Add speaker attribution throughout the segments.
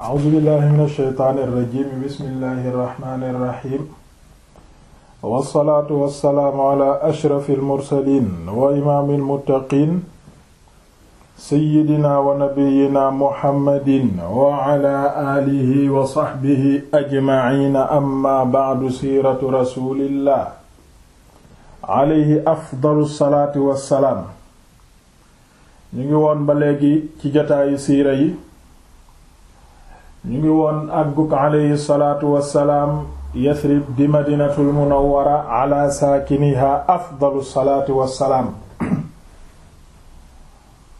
Speaker 1: a'uuzu billahi min asheytaani irrajim bismillahi irrahmani irrahim wassalaatu wassalaamu ala almursalin wa imaami almuttaqin seyidina wa nabiyina muhammadin wa ala aalihi wa saxbihi ajmaciina amma bacdu siiratu rasulillah alayhi afdalu salaati wassalaam ñu ngi woon ba léegi ci jataayu siira ñu ngi woon àgguk aleyhi salaatu wassalaam yasrib di madinatul munawwara ala saakiniha afdalu salaatu wassalaam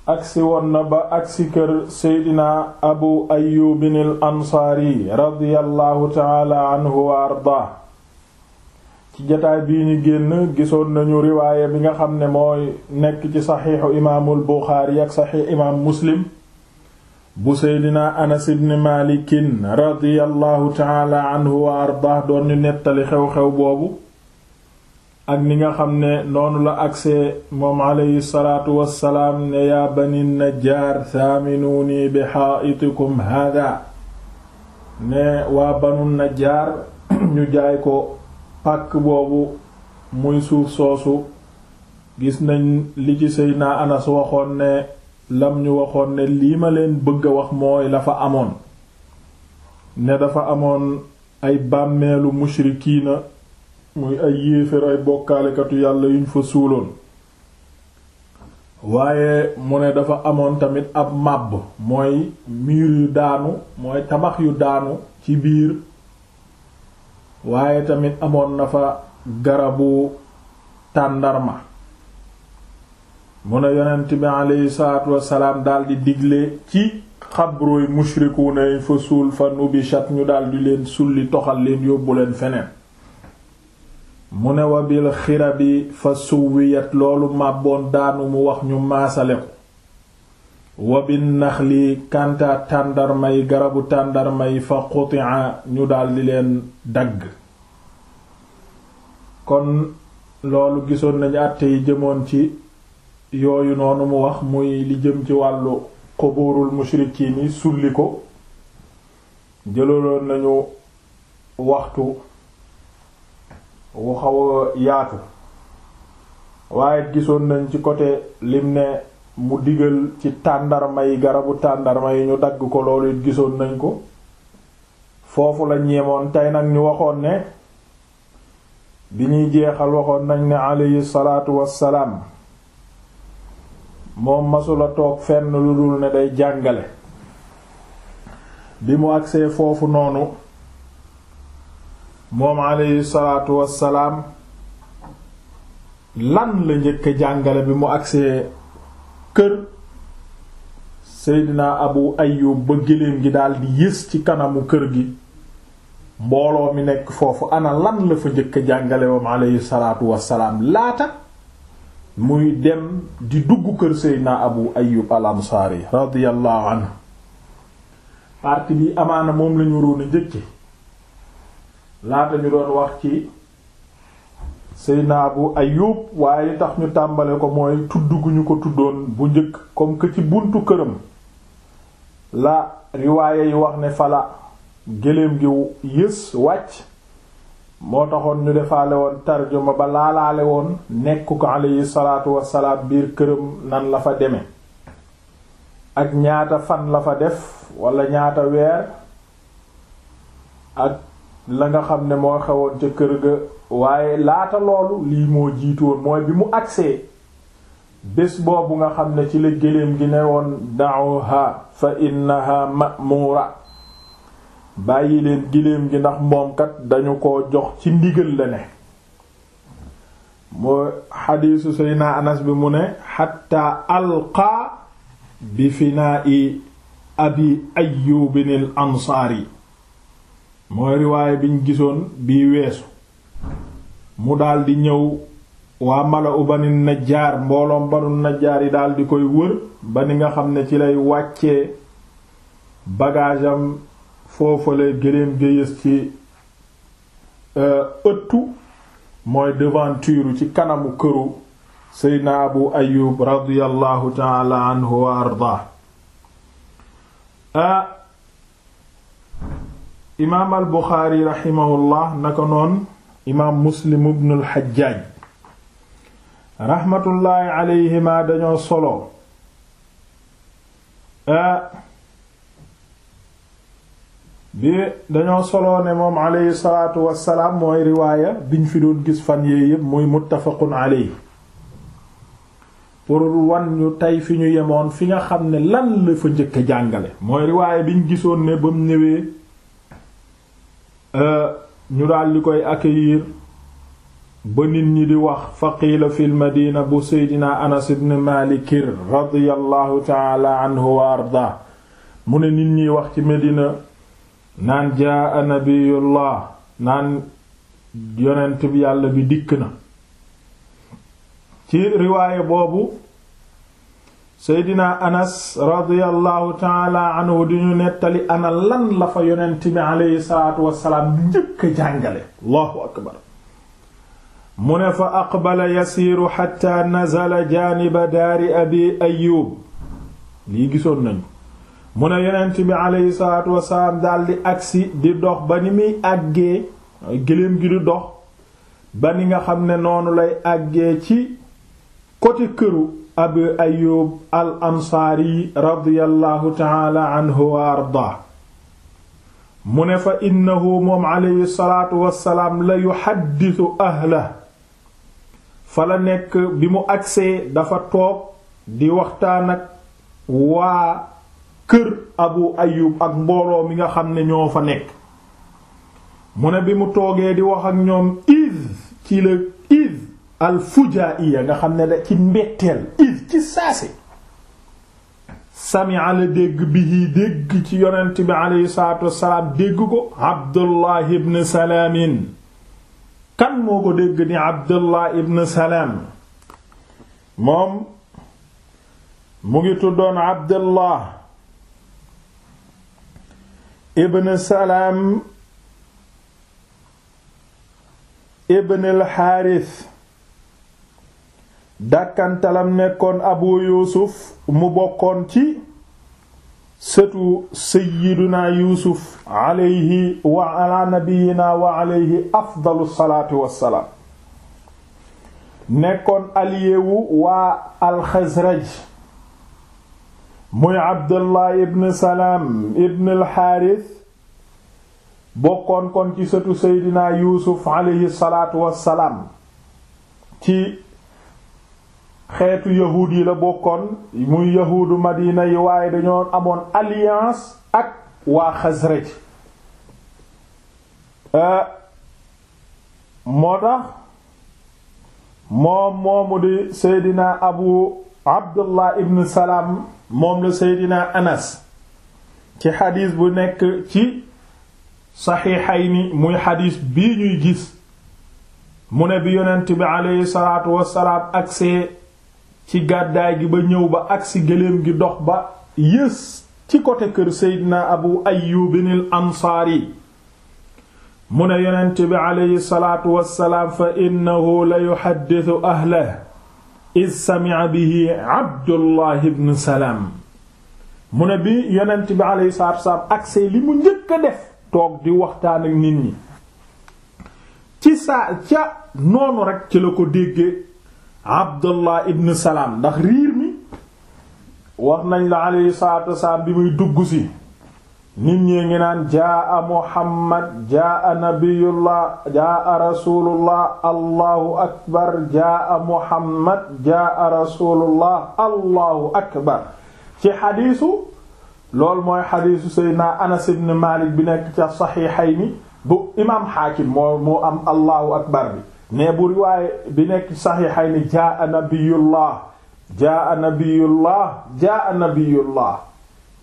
Speaker 1: agsi woon na ba agsi kër seydina abu ayyubin al ansaari radiyallahu taala anhu wa ardaa ci jataay bii ñu génn gisoon nañu riwaaya bi nga xam ne mooy nekk ci saxiixu imaamul buxaari ak saxiix imaam muslim bu seydina anas ibn malikin radiyallahu taala anhu wa ardah doon ñu nettali xew-xew boobu ak ni nga xam ne noonu la agsee moom aleyhi salaatu salaam ne yaa bani najjaar saaminuuni bi xaa'itikum hada ne waa banu najjaar ñu jaay ko pàkk boobu muy suuf soosu gis nañ li ci seydina anas waxoon ne lam ñu waxoon ne lii ma leen bëgg a wax mooy la fa amoon ne dafa amoon ay bàmmeelu mushrikiina muy ay yéefér ay bokkaalekatu yàlla yuñ fa suuloon waaye mu ne dafa amoon tamit ab màbb mooy miir yu daanu mooy tabax yu daanu ci biir waaye tamit amoon na fa garabu tàndarma mun a yonent bi aleyhi salaatu wasalaam daldi digle ci xabrooy mushrikuuna yi fa fa nubishat ñu daldi leen sulli toxal leen yóbbu feneen mu ne wa bil xirabi fa suwiyat loolu màbboon daanu mu wax ñu maasale ko nax li naxli tàndarma yi garabu tàndarma yi fa quti'a ñu daldi leen dagg kon loolu gisoon nañu àtte yi jëmoon ci yooyu noonu mu wax muy li jëm ci wàllu xubuurul mushrikiin yi sulli ko jëlaloon nañu waxtu wu xaw yaatu waaye gisoon nañ ci côté lim ne mu digal ci tàndarma yi garabu tàndarma yi ñu dagg ko loolu gisoon nañ ko foofu la ñeemoon tey nag ñu waxoon ne bi ñuy jeexal waxoon nañ ne alayhi salaatu wassalaam moom masula toog fenn lu dul ne day jàngale bi mu agsee foofu noonu moom aleyhi salaatu wassalaam lan la njëkk jàngale bi mu agsee kër seydina abu ayub ba géléem gi daldi yées ci kanamu kër gi mbooloo mi nekk foofu ana lan la fa njëkk jàngale moom aleyhi salaatu wassalaam laata muy dem di dugg kër Seydina Abu Ayyub al-Ansari radiyallahu anhu partie bi amaana moom lañu waroon a njëkke laata ñu doon wax ci Seydina Abu Ayyub waaye tax ñu tàmbale ko mooy tudd gu ñu ko tuddoon bu njëkk comme que ci buntu këram la riwaaye yi wax ne fala géléem gi yës wàcc moo taxoon ñu defaale woon tarjuma ba laalaale woon nekk ko aleyhi salaatu wassalaam biir këram nan la fa deme ak ñaata fan la fa def walla ñaata weer ak la nga xam ne moo xewoon ca kër ga waaye laata loolu lii moo jiitoon mooy bi mu agsee bés boobu nga xam ne ci la géléem gi ne woon da'uha fa innaha ma'mura bàyyi leen giléem gi ndax moom kat dañu ko jox ci ndigal la ne moo xadiisu sayna anas bi mu ne xatta alqaa bi finaa'i abi ayyubinil ansaari mooy riwaaye biñ gisoon bii weesu mu daldi ñëw waa mala u bani najjaar mbooloom banu najjaar yi daldi koy wër ba ni nga xam ne ci lay wàccee bagaajam foofale gëléem ga yës ci euh, ëttu mooy devanture ci kanamu këru seydna abu ayub radiyallahu taala anhu wa ardaa a euh, imaam al buxaari raximahullah naka noon imaam muslim ibn al xajjaaj raxmatullaahi alayhima dañoo solo euh, bi dañoo soloo ne moom aleyhi salaatu wassalaam mooy riwaaya biñ fi doon gis fan yee yépp muy muttafaqun aleyhi pour wan ñu tey fi ñu yemoon fi nga xam ne lan la fa njëkk a jàngale mooy riwaaya biñ gisoon ne ba mu ñëwee euh, ñu daal di koy accueillir ba nit ñi di wax faqiila fil madina bu seydina anas ibn malikir radiyallahu taala anhu wa arda mu ne nit ñiy wax ci medina naan jaa nabiyullah naan yonent yàlla bi dikk na ci riwaaye boobu seydina anas radiyallahu taala anhu di ñu nettali ana lan la fa yonent bi aleyhi salaatu wassalaam njëkk jàngale allahu akbar mu ne fa aqbala yasiiru xatta nazala jaaniba daari abi ayub lii gisoon nañu mu ne yonent bi aleyhi salaatu wasalaam daldi agsi di dox ba ni muy àggee gëléem gi du dox ba ni nga xam ne noonu lay àggee ci côté këru abu ayub al ansaari radiyallahu taala anhu wa arda mu ne fa innahu moom aleyhi salaatu wasalaam la yuxaddisu ahla fa la nekk bi mu agsee dafa toog di waxtaan ak waa kër abu ayub ak mbooloo mi nga xam ne ñoo fa nekk mu ne bi mu toogee di wax ak ñoom iz ci la iz al nga xam ne da ci mbetteel iz ci saase sami'a la dégg bihi dégg ci yonent bi aleyhi salaatu wassalaam dégg ko abdullah ibn kan moo ko dégg ni abdullah ibn moom mu ngi tuddoon abdullah ibn salaam ibn alxaaris dàkkantalam nekkoon abu yuusuf mu bokkoon ci sëtu sayyiduna yuusuf alayhi wa ala nabiyina wa alayhi afdalu salaatu wa wassalaam nekkoon aliyewu wa alxasraj muy abdullah ibn salaam ibn alxaaris bokkoon kon ci sëtu seydinaa yuusuf aleyhi salaatu wassalaam ci xeetu yahuud yi la bokkoon muy yahuudu madina yi waaye dañoo amoon alliance ak waa xasraj euh, moo tax moom moomu di seydinaa abu abdullah ibn salaam moom la seydina anas ci xadiis bu nekk ci saxiixayni muy xadiis bii ñuy gis mu ne bi yonent bi aleyhi salaatu wasalaam agsee ci gàddaay gi ba ñëw ba agsi gëléem gi dox ba yées ci côté kër seydina abu ayyubinil ansaari mu ne yonent bi aleyhi salaatu wasalaam fa innahu la yuxaddisu ahlah iz sami'a bihi Abdullah ibn Salam mu ne bi yonent bi alayhi salaatu wasalaam agsee li mu njëkk a def toog di waxtaan ak nit ñi ci saa ca noonu rekk ci la ko déggee Abdullah ibn salaam ndax riir mi wax nañ la alayhi salaatu wasalaam bi muy dugg si nit ñi ngi naan jaa muhammad jaa nabiyullah jaa rasulullah allahu akbar jaa muhammad jaa rasulullah allahu akbar ci xadiisu loolu mooy xadiisu seydna anas ibn malik bi nekk ca saxiixayni bu imaam xaakim moo moo am allahu akbar bi ne bu riwaaye bi nekk jaa nabiyullah jaa nabiyullah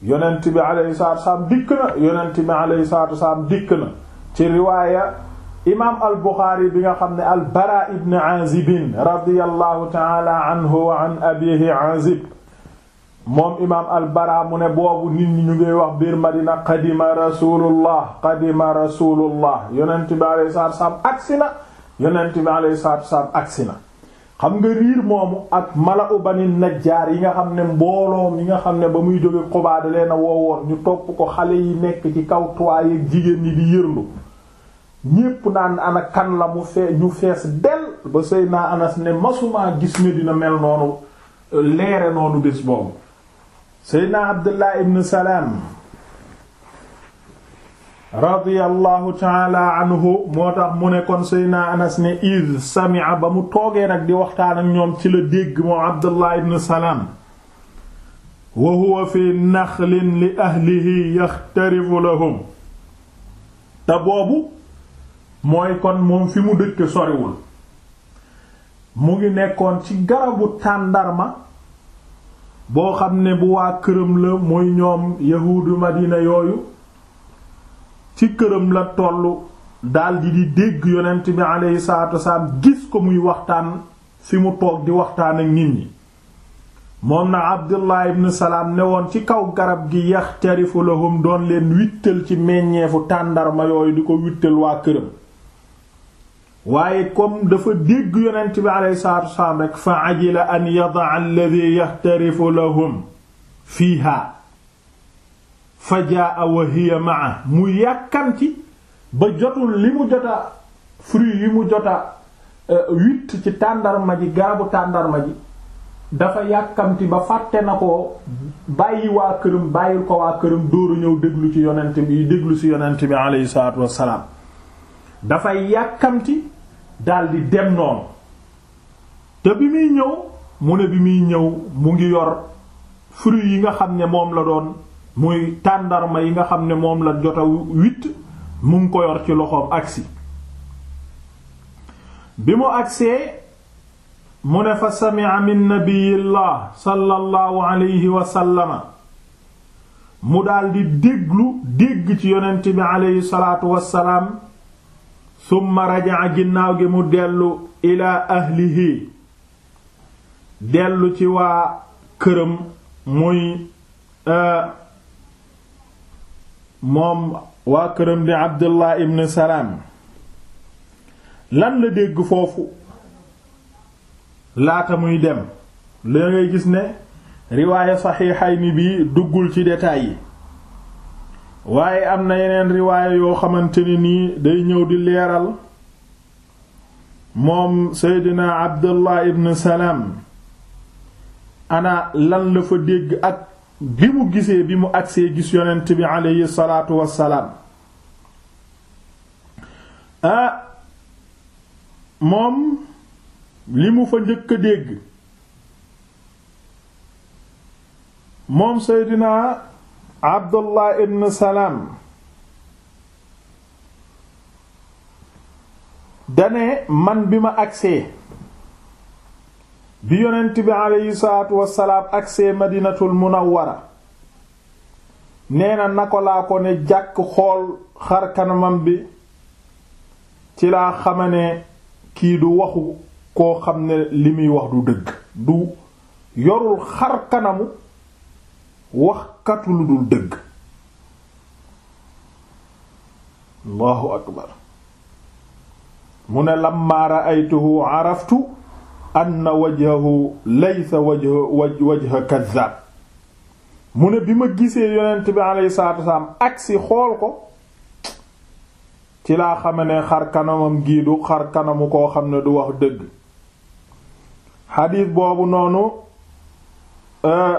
Speaker 1: yonent bi alayhi salaatu salaam dikk na yonent bi alayhi salaatu salaam dikk na ci riwaaya imaam al buxaari bi nga xam ne al bara ibn azibin radiyallahu taala anhu wa an abihi azib moom imaam al bara mu ne boobu nit ñi ñu ngi wax biir madina qadima rasulullah qadima rasulullah yonent bi alayhi salaatu salaam agsi na yonent bi alayhi salaatu salaam agsi na xam nga riir moomu ak mala u bani najjaar yi nga xam ne mbooloo yi nga xam ne ba muy jóge Quba da leen a ñu topp ko xale yi nekk ci kaw toit yeeg jigéen ñi di yërlu ñépp naan ana kan la mu fee ñu fees del ba sëy Seydina Anas ne masuma gis ne dina mel noonu leere noonu bés boobu Seydina Abdullah ibn Salam radiyallahu taala anhu moo tax mu ne kon Seydina Anas ne id sami'a ba mu toogee nag di waxtaan ak ñoom ci la dégg moom Abdullah ibn Salaam wa huwa fi naxlin li ahlihi yaxtarifu lahum te boobu mooy kon moom fi mu dëkk soriwul mu ngi nekkoon ci garabu tàndarma boo xam ne bu waa këram la muy ñoom yahuudu Madina yooyu ci këram la tollu daldi di dégg yonent bi aleyhi salaatu wasalaam gis ko muy waxtaan fi mu toog di waxtaan ak nit ñi moom na abdullah ibn salaam ne woon ci kaw garab gi yaxtarifu lahum doon leen wittal ci meññeefu tàndarma yooyu di ko wittal waa këram waaye comme dafa dégg yonent bi aleyhi salaatu wasalaam rekk fa ajila an yadaa alladhi yaxtarifu lahum fiiha fa jaa wa hiya mu yàkkamti ba jotul li mu jota fruit yi mu jota witt euh, ci tàndarma ji garabu tàndarma ji dafa yàkkamti ba fàtte na ko bàyyi waa këram bàyyil ko waa këram dóoru ñëw déglu ci yonent bi déglu ci yonent bi aleyhi salaatu wassalaam dafa yàkkamti daldi dem noonu te bi muy ñëw mu ne bi muy ñëw mu ngi yor fruit yi nga xam ne moom la doon muy tàndarma yi nga xam ne moom la jota witt mu ngi ko yor ci loxoom agsi bi mu agsee mu ne fa sami'a min nabiyillah sallallahu alayhi wa mu daldi déglu dégg ci yonent bi alayhi salaatu wassalaam summa raja'a ginnaaw gi mu dellu ilaa ahlihi dellu ci waa këram muy euh, moom waa këram di abdullah ibn salaam lan la dégg foofu laata muy dem la ngay gis ne riwaaya saxiixayni bi duggul ci détails yi waaye am na yeneen riwaaya yoo xamante ni nii day ñëw di leeral moom seydina abdullah ibn salaam ana lan la fa dégg ak bi mu gisee bi mu agsee gis yonent bi aleyhi salaatu wassalaam ah moom li mu fa njëkk a dégg moom seydina abdullah ibn salaam dane man bi ma agsee bi yonent bi aleyhi salaatu wasalaam ak see madinatul munawwara nee na nako laa ko ne jàkk xool xar kanamam bi ci laa xama kii du waxu koo xam ne li muy wax du dëgg du yorul xar kanamu waxkatu lu dul dëgg allahu akbar mu ne lammaa ra'aytuhu araftu anna wajhahu laysa wajh wajha kaddaab mu ne bi ma gisee yonent bi alayhi salaatu wasalaam agsi xool ko ci laa xame ne xar kanamam gii du xar kanamu koo xam ne du wax dëgg xadiis boobu noonu euh,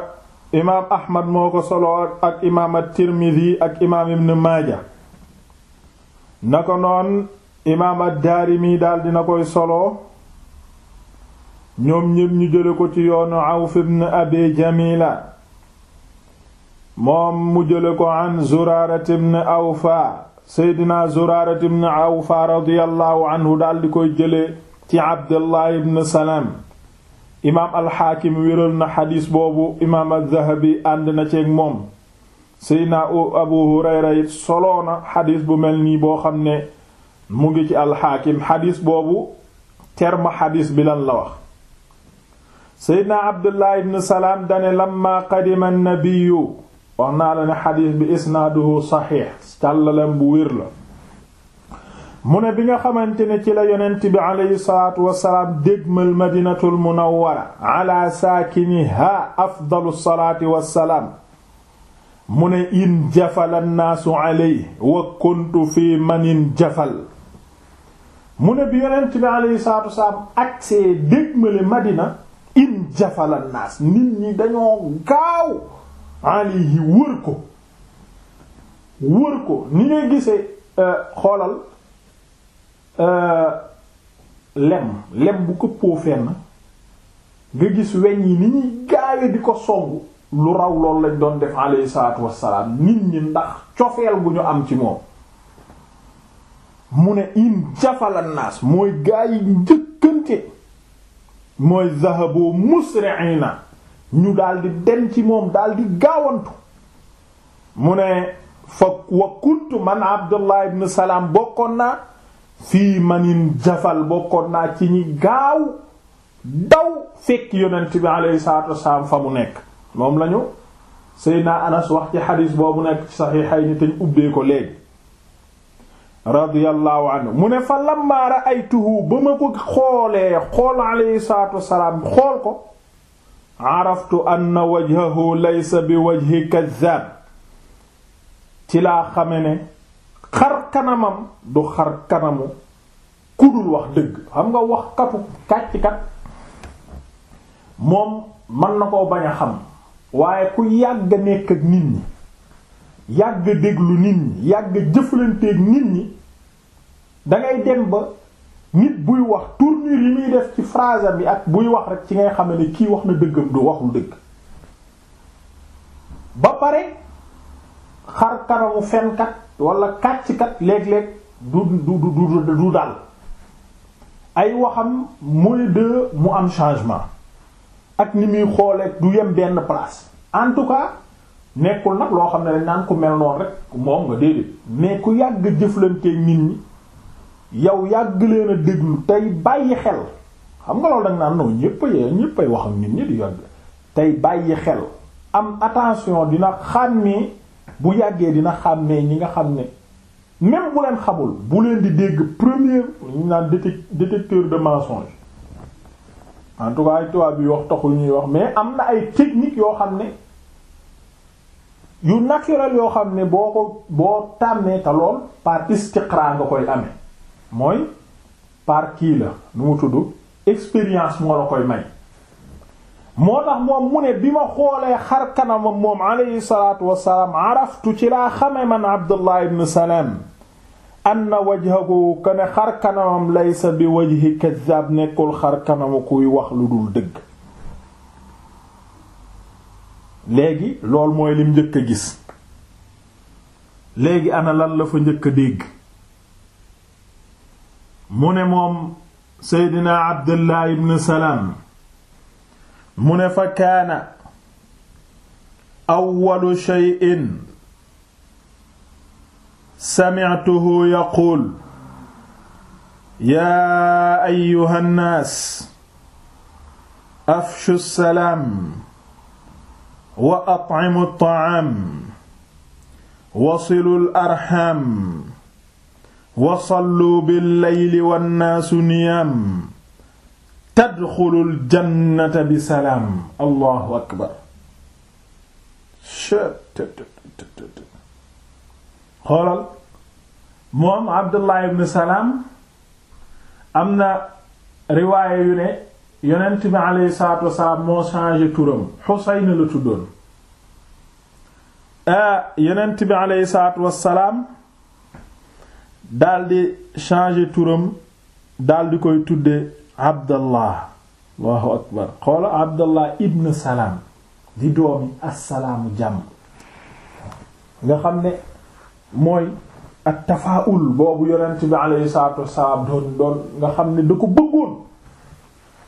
Speaker 1: imaam ahmad moo ko solo ak imaam at-tirmidhi ak imaam ibn maaja na ko noon imaam ad-daarimi daal dina koy solo ñoom ñépp ñu jële ko ci yoonu Awf ibn Abi Jamila moom mu jële ko an Zuraarat ibn Awfa seydina Zuraarat ibn Awfa radiyallahu anhu daldi koy jële ci Abdullah ibn Salam imaam alxaakim wéral na xadiis boobu imaam az ànd na ceeg moom seydina Abu Hurayra it soloo xadiis bu mel nii boo xam ne mu ngi ci alxaakim xadiis boobu terme xadiis bi lan la wax seydna abdullah ibn salaam dane lamma qadima nabiyu wax naa la ne xadiis bi isnaaduhu saxiix càllalam bu wér la mu ne bi nga xamante ne ci la yonent bi aleyhi salaatu wasalaam dégmal madinatul munawwara ala saakiniha afdalu salaati wasalaam mu ne in jafal annaasu aley wa kuntu fi manin jafal mu ne bi yonent bi aleyhi salaatu wasalaam agsee dégmale madina in jafala naas nit ñi dañoo gaaw alayhi wër ko wër ko ni ngay gisee euh, xoolal euh, lem lem bu këppoo fenn nga gis weñ yi ni ñuy gaawe di ko songu lu raw loolu lañ doon def alayhi salaatu wassalaam nit ñi ndax cofeel bu ñu am ci moom mu ne in jafala mooy gaa yi njëkkante mooy zahabu musri'ina ñu daldi dem ci moom daldi gaawantu mu ne fa wa kuntu man abdullah ibn salaam bokkoon na fii manin jafal bokkoon naa ci ñi gaaw daw fekk yonent bi alayhi salaatu wasalaam fa mu nekk moom lañu Seydina Anas wax ci xadiis boobu nekk ci saxiixayni te ñu ubbee radiyallahu anhu mu ne fa lamma ra'aytuhu ba ma ko xoolee xool alayhi salaatu wassalaam xool ko araftu anna wajhahu laysa bi wajhi kaddaab ci laa xame ne xar kanamam du xar kanamu kudul wax dëgg xam nga wax katu kàcc moom mën na koo bañ a xam waaye ku yàgg nekk ak nit ñi yàgg déglu nit ñi yàgg jëflanteeg nit ñi da ngay dem ba nit buy wax tournure yi muy def ci phrase bi ak buy wax rek ci ngay xam ne kii wax na dëggam du waxul dëgg ba pare xar kanamu fenkat wala kàcckat léeg-léeg du du du du du dal ay waxam mooy de mu am changement ak ni muy xooleek du yem benn place en tout cas nekkul nag loo xam ne dañ naan ku mel noonu rek moom nga déedéet mais ku yàgg jëflanteeg nit ñi. yow yàgg leen a déglu tey bàyyi xel xam nga loolu da naan non ñëpp a ñëpp ay wax ak nit ñi di yàgg tey bàyyi xel am attention dina xàmmee bu yàggee dina xàmmee ñi nga xam ne même bu leen xamul bu leen di dégg premier ñu naan détecteur de mensonge en tout tubaab bi wax taxul ñuy wax mais am na ay technique yoo xam ne yu naturel yoo xam ne boo ko boo tàmmee te lool par istiqra nga koy amee mooy par kii la nu mu tudd expérience moo la koy may moo tax moom mu ne bi ma xoolee xar kanamam moom alayhi salaatu wassalaam araftu ci laa xame man Abdullah ibn Salam anna xar kanamam laysa bi wajhi nekkul xar kanamu kuy wax lu dul dëgg léegi loolu mooy lim njëkk a gis léegi ana lan la fa njëkk a dégg mu ne moom seydina abdullah ibn salaam mu ne fa kaana awwalu shay'in sami'tuhu yaquul yaa ayyuha nnaas afshu salaam wa at'imu at-ta'aam wa silu al-arhaam wasallu billayli wannaasu niyaam tadxulul jannata bi salaam allahu akbar xoolal moom abdullah ibn salaam am na riwaaye yu ne yonent bi aleyhi salaatu wasalaam moo changé turam xusayna la tuddoon ah, yonent bi aleyhi salaatu wasalaam daldi changer turam daldi koy tuddee abdallah allahu akbar xoola abdallah ibn salaam di doomi assalaamu jàmm nga xam ne mooy ak tafaul boobu yonent bi alayhi salaatu wassalaam doon doon nga xam ne du ko bëggoon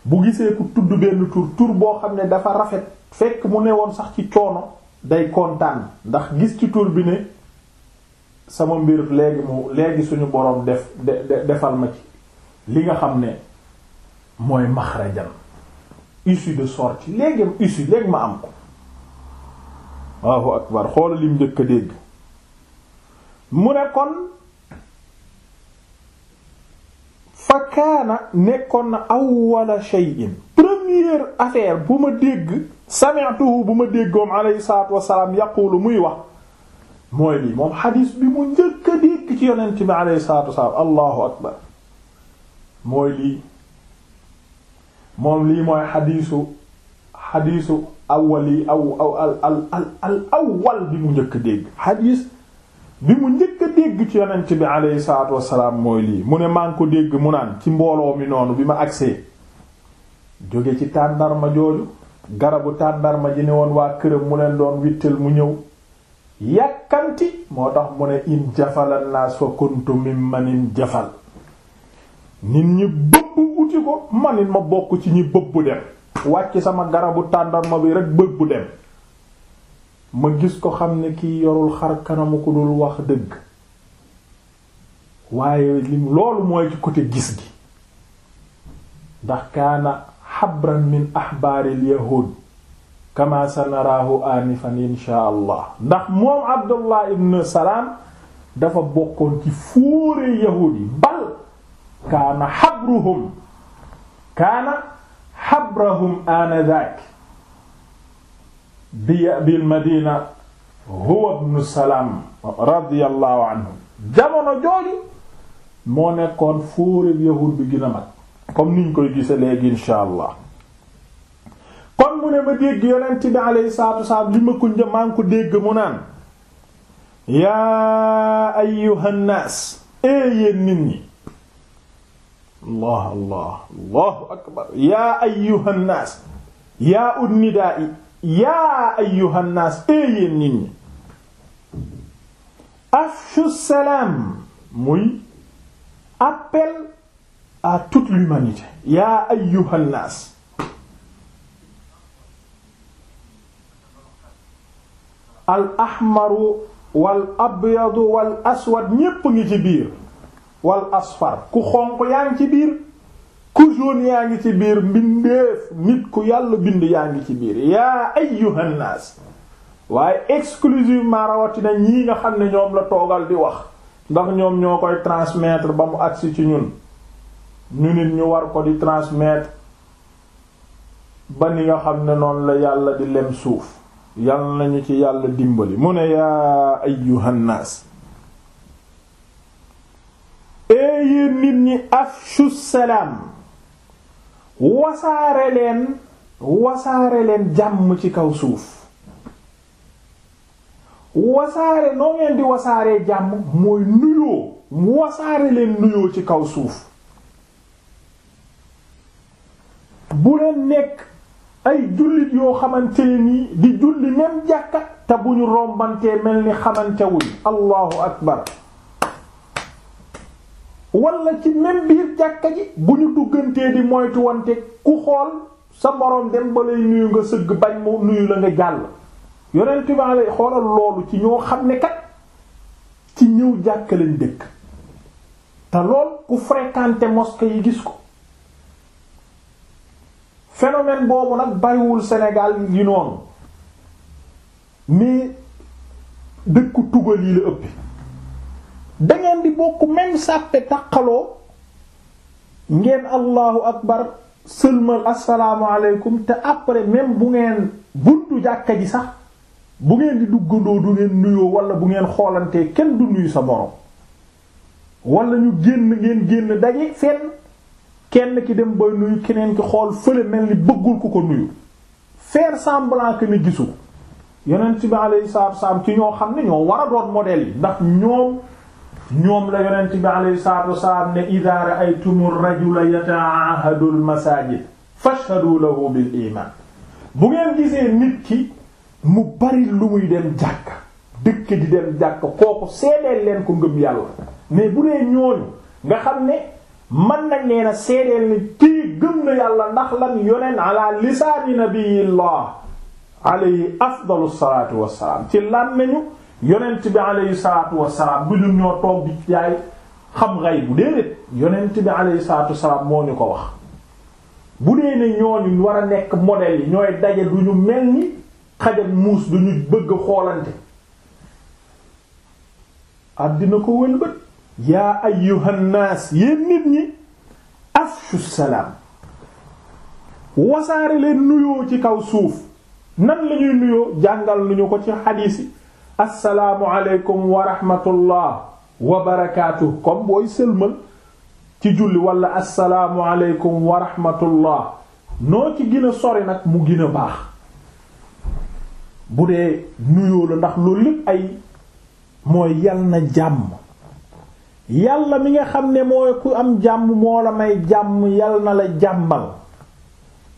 Speaker 1: bu gisee ku tudd benn tur tur boo xam ne dafa rafet fekk mu ne woon sax ci coono day kontaan ndax gis ci tur bi ne sama mbir léegi mu léegi suñu boroom def de defal ma ci li nga xam ne mooy maxrajan issue de sortie léegi issue léegi ma am ko Allahu akbar xoola lim njëkk a dégg mu ne kon fa kaana nekkoon na awwala shay'in première affaire bu ma dégg sami'tuhu bu ma déggoom alayhi salaatu wassalaam yaqulu muy wax mooy lii moom xadis bi mu njëkk dégg ci yonent bi alayhi salaatu wasalaam allahu akbar mooy lii moom lii mooy xadisu xadisu awali aw aw al al al al awal bi mu njëkk dégg xadis bi mu njëkk dégg ci yonent bi alayhi salaatu wasalaam mooy lii mu ne maa ngi ko dégg mu naan ci mbooloo mi noonu bi ma agsee jóge ci tàndarma jooju garabu tàndarma ji ne woon waa këram mu leen doon wittal mu ñëw yàkkanti moo tax mu ne in jafalan naas fa kuntu mimman jafal nit ñi bëbb uti ko manit ma bokk ci ñi bëbb dem wàcc sama garabu tàndarma bi rek bëbb dem ma gis ko xam ne kii yorul xar kanamu ko dul wax dëgg waaye lim loolu mooy ci côté gis gi ndax kaana xabran min axbaaril yahud kama sanaraahu anifan insha allah ndax moom abdullah ibn salaam dafa bokkoon ci fóore yahuudi bal kaana xabruhum kaana xabrahum anadak bi bil madina huwa ibn salaam radiyallahu anhu jamono jooju moo nekkoon fóore yahuud bi gën a mag comme niñ koy gise léegi insha allah kon mu ne ma dégg yonent bi alayhi salaatu wasalaam li ma ko njëm maa ngi ko dégg mu naan yaa ayyuhan naas ee yéen nit ñi allah allah allahu akbar yaa ayyuhan naas yaa ud nidaa i yaa ayyuhan naas ee yéen nit ñi afshu salaam muy appel à toute l'humanité yaa ayyuhan naas al ahmaru wal abyadu wal aswad ñépp ngi ci biir wal asfar ku xonq yaa ngi ci biir ku jaune yaa ngi ci biir mbindeef nit ku yàlla bind yaa ngi ci biir yaa ayyuhan naas waaye exclusivement rawatina ñi nga xam ne ñoom la toogal di wax ndax ñoom ñoo koy transmettre ba mu agsi ci ñun ñu nit ñu war ko di transmettre ba ni nga xam ne noonu la yàlla di lem suuf yal nañu ci yàlla dimbali mu ne yaa ayyuhannaas ee yéen nit ñi afshu salaam wasaare leen wasaare leen jàmm ci kaw suuf wasaare noo ngeen di wasaaree jàmm mooy nuyoo wasaare leen nuyoo ci kaw suuf bu leen nekk ay jullit yoo xamante ne nii di julli même jàkka te bu ñu rombantee mel ni xamante wuñ allahu akbar wala ci même biir jàkka ji bu ñu duggantee di moytuwante ku xool sa moroom dem ba lay nuyu nga sëgg bañ mu nuyu la nga jàll yonent bi lay xoolal loolu ci ñoo xam ne kat ci ñëw jàkka lañ dëkk te lool ku fréquenté mosquée yi gis ko phénomène boobu nag bariwul Sénégal yi noonu mi dëkku tugal yi la ëpp dangeen di bokk même sàppe taqaloo ngeen allahu akbar sëlmal asalaamualeykum te après même bu ngeen buntu jàkka ji sax bu ngeen di duggandoo du ngeen nuyoo wala bu ngeen xoolantee kenn du nuyu sa borom wala ñu génn ngeen génn daje fenn kenn ki dem ba nuyu keneen ki xool fële mel ni bëggul ku ko nuyu faire semblant que gisu yonent bi alayhi salaatu wasalaam ci ñoo xam ne ñoo war a doon modèle yi ndax ñoom ñoom la yonent bi alayhi salaatu wasalaam ne idhaa ra'aytumu rajula yata'ahadu al-masaajid fashhadu lahu bil iimaan bu ngeen gisee nit ki mu bari lu muy dem jàkk dëkk di dem jàkk kooku seedeel leen ko ngëm yàlla mais bu dee ñooñu nga xam ne mën nañ leen a seedeel ni kii gëm na yàlla ndax lan yoneen ala lisaani nabiyillah alayhi afdalu salaatu wassalaam ci lan nañu yonent bi alayhi salaatu wassalaam bu ñun toog bi yaay xam xay bu déedéet yonent bi alayhi salaatu wassalaam moo ni ko wax bu dee ne ñooñu war a nekk modèle yi ñooy daje du ñu mel ni xaj muus du ñu bëgg xoolante àddina ko wëlbët yaa ayyuhan naas yéen nit ñi afshu salaam wasaare leen nuyoo ci kaw suuf nan la nuyoo jàngal nañu ko ci xadiis yi assalaamu aleykum wa rahmatullah wa booy sëlmal ci julli walla assalaamu aleykum wa noo ci gën sori nag mu gën baax bu dee nuyoo la ndax loolu lépp ay mooy yal na jàmm yàlla mi nga xam ne mooy ku am jàmm moo la may jàmm yal na la jàmmal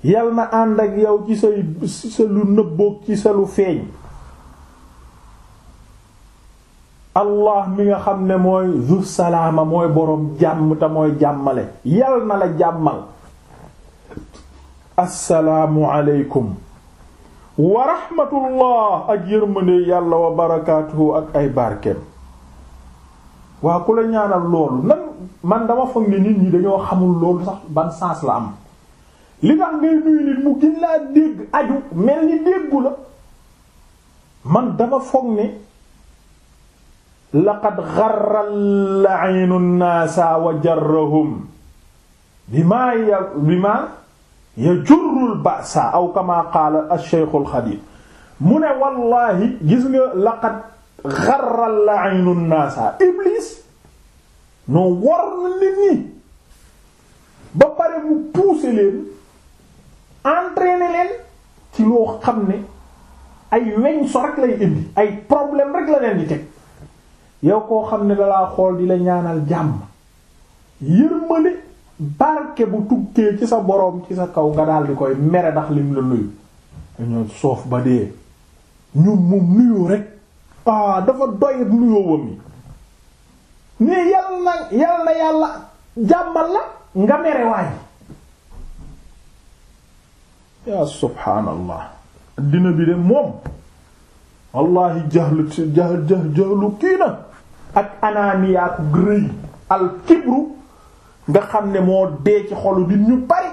Speaker 1: yal na ànd ak yow ci say sa lu nëbboog ci sa lu feeñ allah mi nga xam ne mooy zu salaama mooy boroom jàmm te mooy jàmmale yal na la jàmmal assalaamu aleykum wa rahmatullah ak yërmande yàlla wa barakaatuhu ak ay barkeem waa ku la ñaanal loolu nan man dama foog ni nit ñi dañoo xamul loolu sax ban sens la am li tax ngay nuyu nit mu gën laa dégg aju mel ni déggu la man dama foog ne laqad gharra la'inu an-nasa wa jarrahum bima ya bima yajurru al-ba'sa aw kama qaala ash-shaykh al-khadim mu ne wallahi gis nga laqad xarral la aynu naasa iblis noo war na nit ñi ba pare mu pousser leen entraîner leen ci loo xam ne ay weñ so rek lay indi ay problème rek la leen di teg yow koo xam ne dalaa xool di la ñaanal jàmm yërmande barke bu tukkee ci sa boroom ci sa kaw nga daal di koy mere ndax lim la nuyu dañoo soof ba dee ñun moom nuyu rek ah dafa doy nuyoowam yi mais yal na yàlla jàmbal la nga mere waay yaa subhaanallah dina bi de moom wallahi jaxlu jaxlu kii na ak anaaniyaatu grëy al nga xam ne moo dee ci xolu nit ñu bari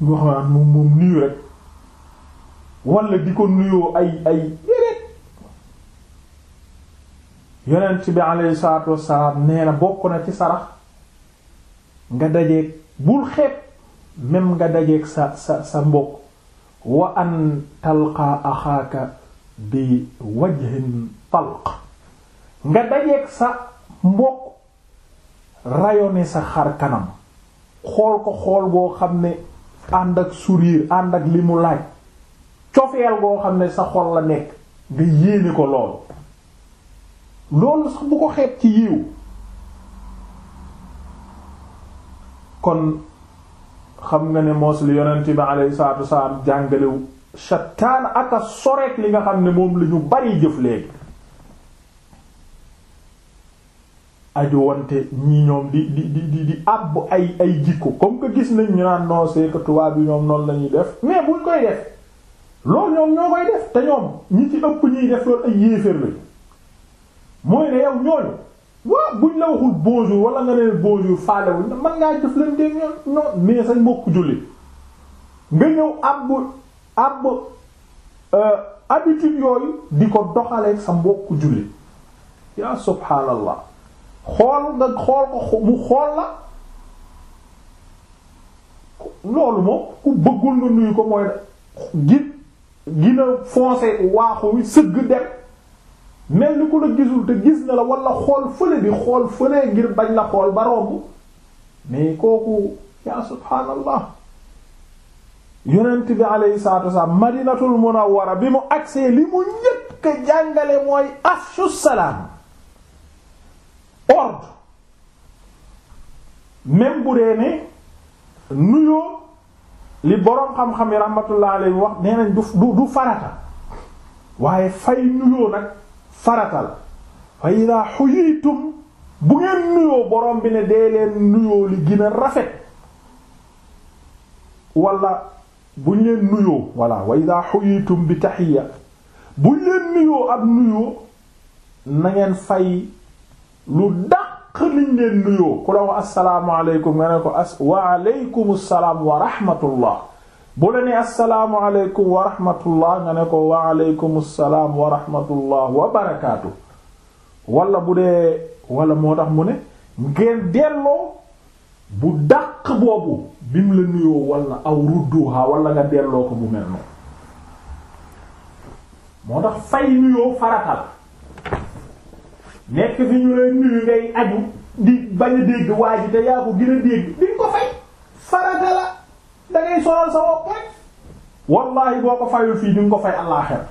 Speaker 1: wax moom moom nuyu rek wala di ko nuyoo ay ay yonent bi alayhi salaatu wassalaam nee bokk na ci sarax nga dajeeg bul xepp même nga dajeeg sa sa sa mbokk wa an talqa axaaka bi wajhin talq nga dajeeg sa mbokk rayone sa xar kanam xool ko xool boo xam ne ànd ak sourire ànd ak li mu laaj cofeel boo xam ne sa xol la nekk nga yéene ko loolu loolu sax bu ko xeeb ci yiw kon xam nga ne moos li yonent bi alayhi salaatu wasalaam jàngalewu shataan ak a soreek li nga xam ne moom la ñu bari jëf léegi aju wante ñi ñoom di di di di di àbb ay ay jikko comme que gis nañ ñu naan non c'est tubaab yi ñoom noonu lañuy ñuy def mais buñ koy def loolu ñoom ñoo koy def te ñoom ñi ci ëpp ñuy def loolu ay yéeféer lañu mooy ne yow ñooñu waa buñ la waxul bonjour wala nga neen bonjour faale wuñ man ngaa jëf leen dee ñoom non sañ mbokk jullit nga ñëw àbb àbb euh, habitude yooyu di ko doxalee sa mbokk jullit yaa subhaanallah xool nga xool ko mu xool la loolu moom ku bëggul nga nuyu ko mooy gin gina foncé waaxu sëgg dem mel ni ku la gisul te gis na la wala xool fële bi xool fële ngir bañ la xool ba romb mais kooku yaa subhaanallah yonent bi alayhi salaatu wasalaam madinatul munawwara bi mu agsee li mu njëkk jàngale mooy afshu salaam ordre même bu dee ne nuyoo li boroom xam-xam yi rahmatullah alayhi wax nee nañ du du farata waaye fay nuyoo nag farata la fa ida xuyiitum bu ngeen nuyoo borom bi ne dee leen nuyoo li gën a rafet wala buñ leen nuyoo wala wa ida xuyiitum bi taxiya buñ leen nuyoo ab nuyoo na ngeen fay lu dàq liñ leen nuyoo ku la wax assalaamu aleykum nga ne ko as wa aleykum salaam wa rahmatullah bu la ne assalaamu aleykum wa nga ne ko wa aleykum salaam wa rahmatullah wa wala bu dee wala moo tax mu ne ngeen delloo bu dàq boobu bi mu la nuyoo wala aw rudduha wala nga delloo ko bu mel noonu moo tax fay nuyoo faratal nekk fi ñu lay nuyu ngay aju di bañ dégg waa ji te yaa ko gën dégg di nga ko fay faratala da ngay sonal sa bopp rek wallahi boo ko fayul fii ni nga ko fay allaaxira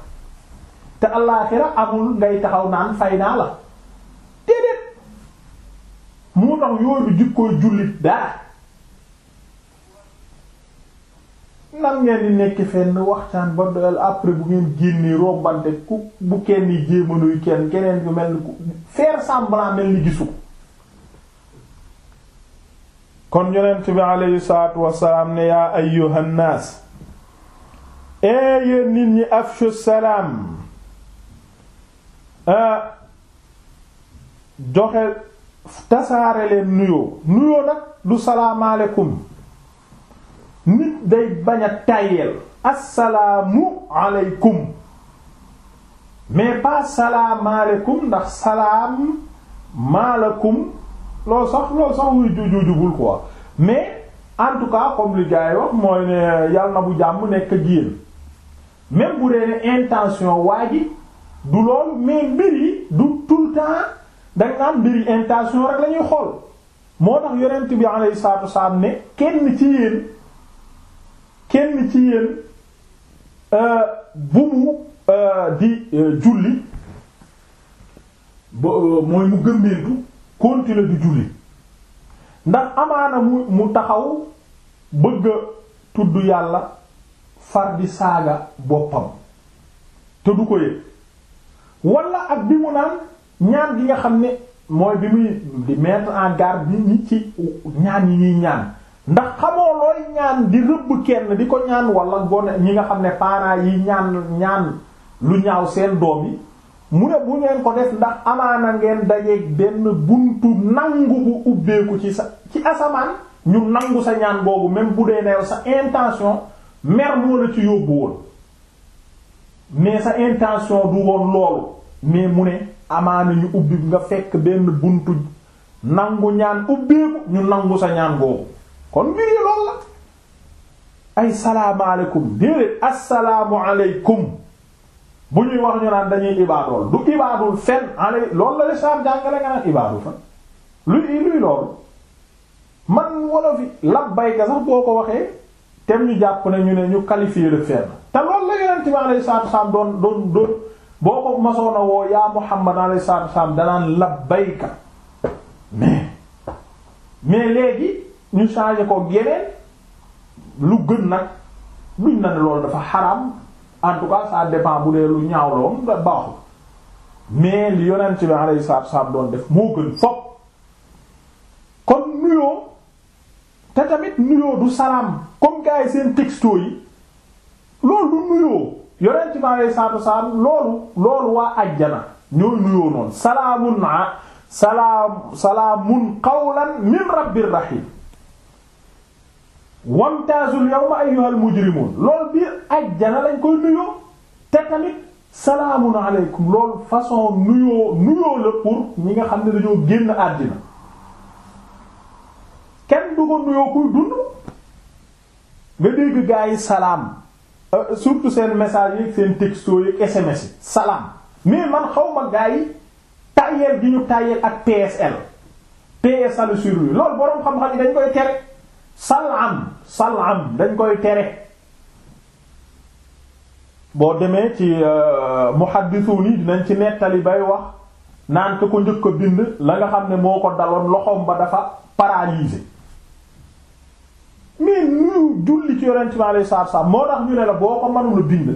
Speaker 1: te allaaxira amul ngay taxaw naan fay naa la déedéet moo tax yooyu jikkooy jullit dara nan ngeen di nekk fenn waxtaan ba doyal après bu ngeen génnee rombante ku bu kenn jéemanuy kenn keneen bu mel ni ku faire semblant mel ni gisu kon yonent bi aleyhi salaatu wassalaam ne yaa ayyuhan naas ee yéen nit ñi afshu salaam joxe tasaare leen nuyoo nuyoo nag du salaamaaleykum nit day bañ a tàyyeel assalaamu aleykum mais pas salaamaaleykum ndax salaam maalakum loolu sax loolu sax wuy jujujubul quoi mais en tout cas comme li gars yi wax mooy ne yàlla na bu jàmm nekk ak yéen même bu dee ne intention waa ji du loolu mais mbir du tout temps da am mbiri intention rek la xool moo tax yonent bi alayhi salaatu wasalaam ne kenn ci yéen kenn ci yéen euh, bu mu euh, di euh, julli ba mooy mu gëmmeentu continuer di julli ndax amaana mu mu taxaw bëgg a tudd yàlla far di saaga boppam te du ko yëg wala ak bi mu naan ñaan gi nga xam ne mooy bi muy di mettre en garde nit ñi ci ñaan yi ñuy ñaan ndax xamoo looy ñaan di rëbb kenn di ko ñaan wala gone ñi nga xam ne parents yi ñaan ñaan lu ñaaw seen doom yi mu ne bu ngeen ko def ndax amaana ngeen dajeeg benn buntu nangu bu ubbeeku ci sa ci asamaan ñu nangu sa ñaan boobu même bu dee neew sa intention mer moo la ci yóbbu woon mais sa intention du woon loolu mais mu ne amaana ñu ubbi nga fekk benn buntu nangu ñaan ubbeeku ñu nangu sa ñaan boobu kon mbir yi loolu la ay salaamaaleykum déedéet asalaamualeykum bu ñuy wax ñu naan dañuy ibaadool du ibaadul fen ale loolu la lislaam jàngale nga naan ibaadu fan luy luy loolu man wolof yi labbayka sax boo ko waxee tem ñu jàpp ne ñu ne ñu qualifié le fen te loolu la yonent bi alayhi salaatu salaam doon doon boo ko masoona woo yaa Muhammad alayhi salaatu salaam danaan labbayka mais mais léegi ñu changé ko geneen lu gën nag duñ na ne loolu dafa xaraam en tout cas ça dépend bu dee lu ñaaw loom nga baaxul mais li bi alayhi salaatu salaam doon def moo gën fopp kon nuyoo te tamit nuyoo du salaam comme gars yi seen texto yi loolu du nuyoo yonent bi alayhi salaatu salaam loolu loolu waa wamtaazul yawma ayyuhal mujrimuun loolu biir ajjana lañ koy nuyoo te tamit salaamun aleykum loolu façon nuyoo nuyoo la pour ñi nga xam ne dañoo génn àddina kenn du ko nuyoo kuy dund nga dégg gaa yi salaam euh, surtout seen message yi seen texto yi SMS yi salaam mais man xawma gaa yi tayeel gi ñu tayeel ak PSL PSL sur lui lool boroom xam-xam yi dañ koy tere salam salam dañ koy tere boo demee ci euh, muhaddisuuni dinañ ci nettali bay wax naan ko ko njëkk bind la nga xam ne moo ko daloon loxoom ba dafa paralysé mais ñu julli ci yonent bi alayhi salaatu salaam moo tax ñu ne la boo ko mënula bind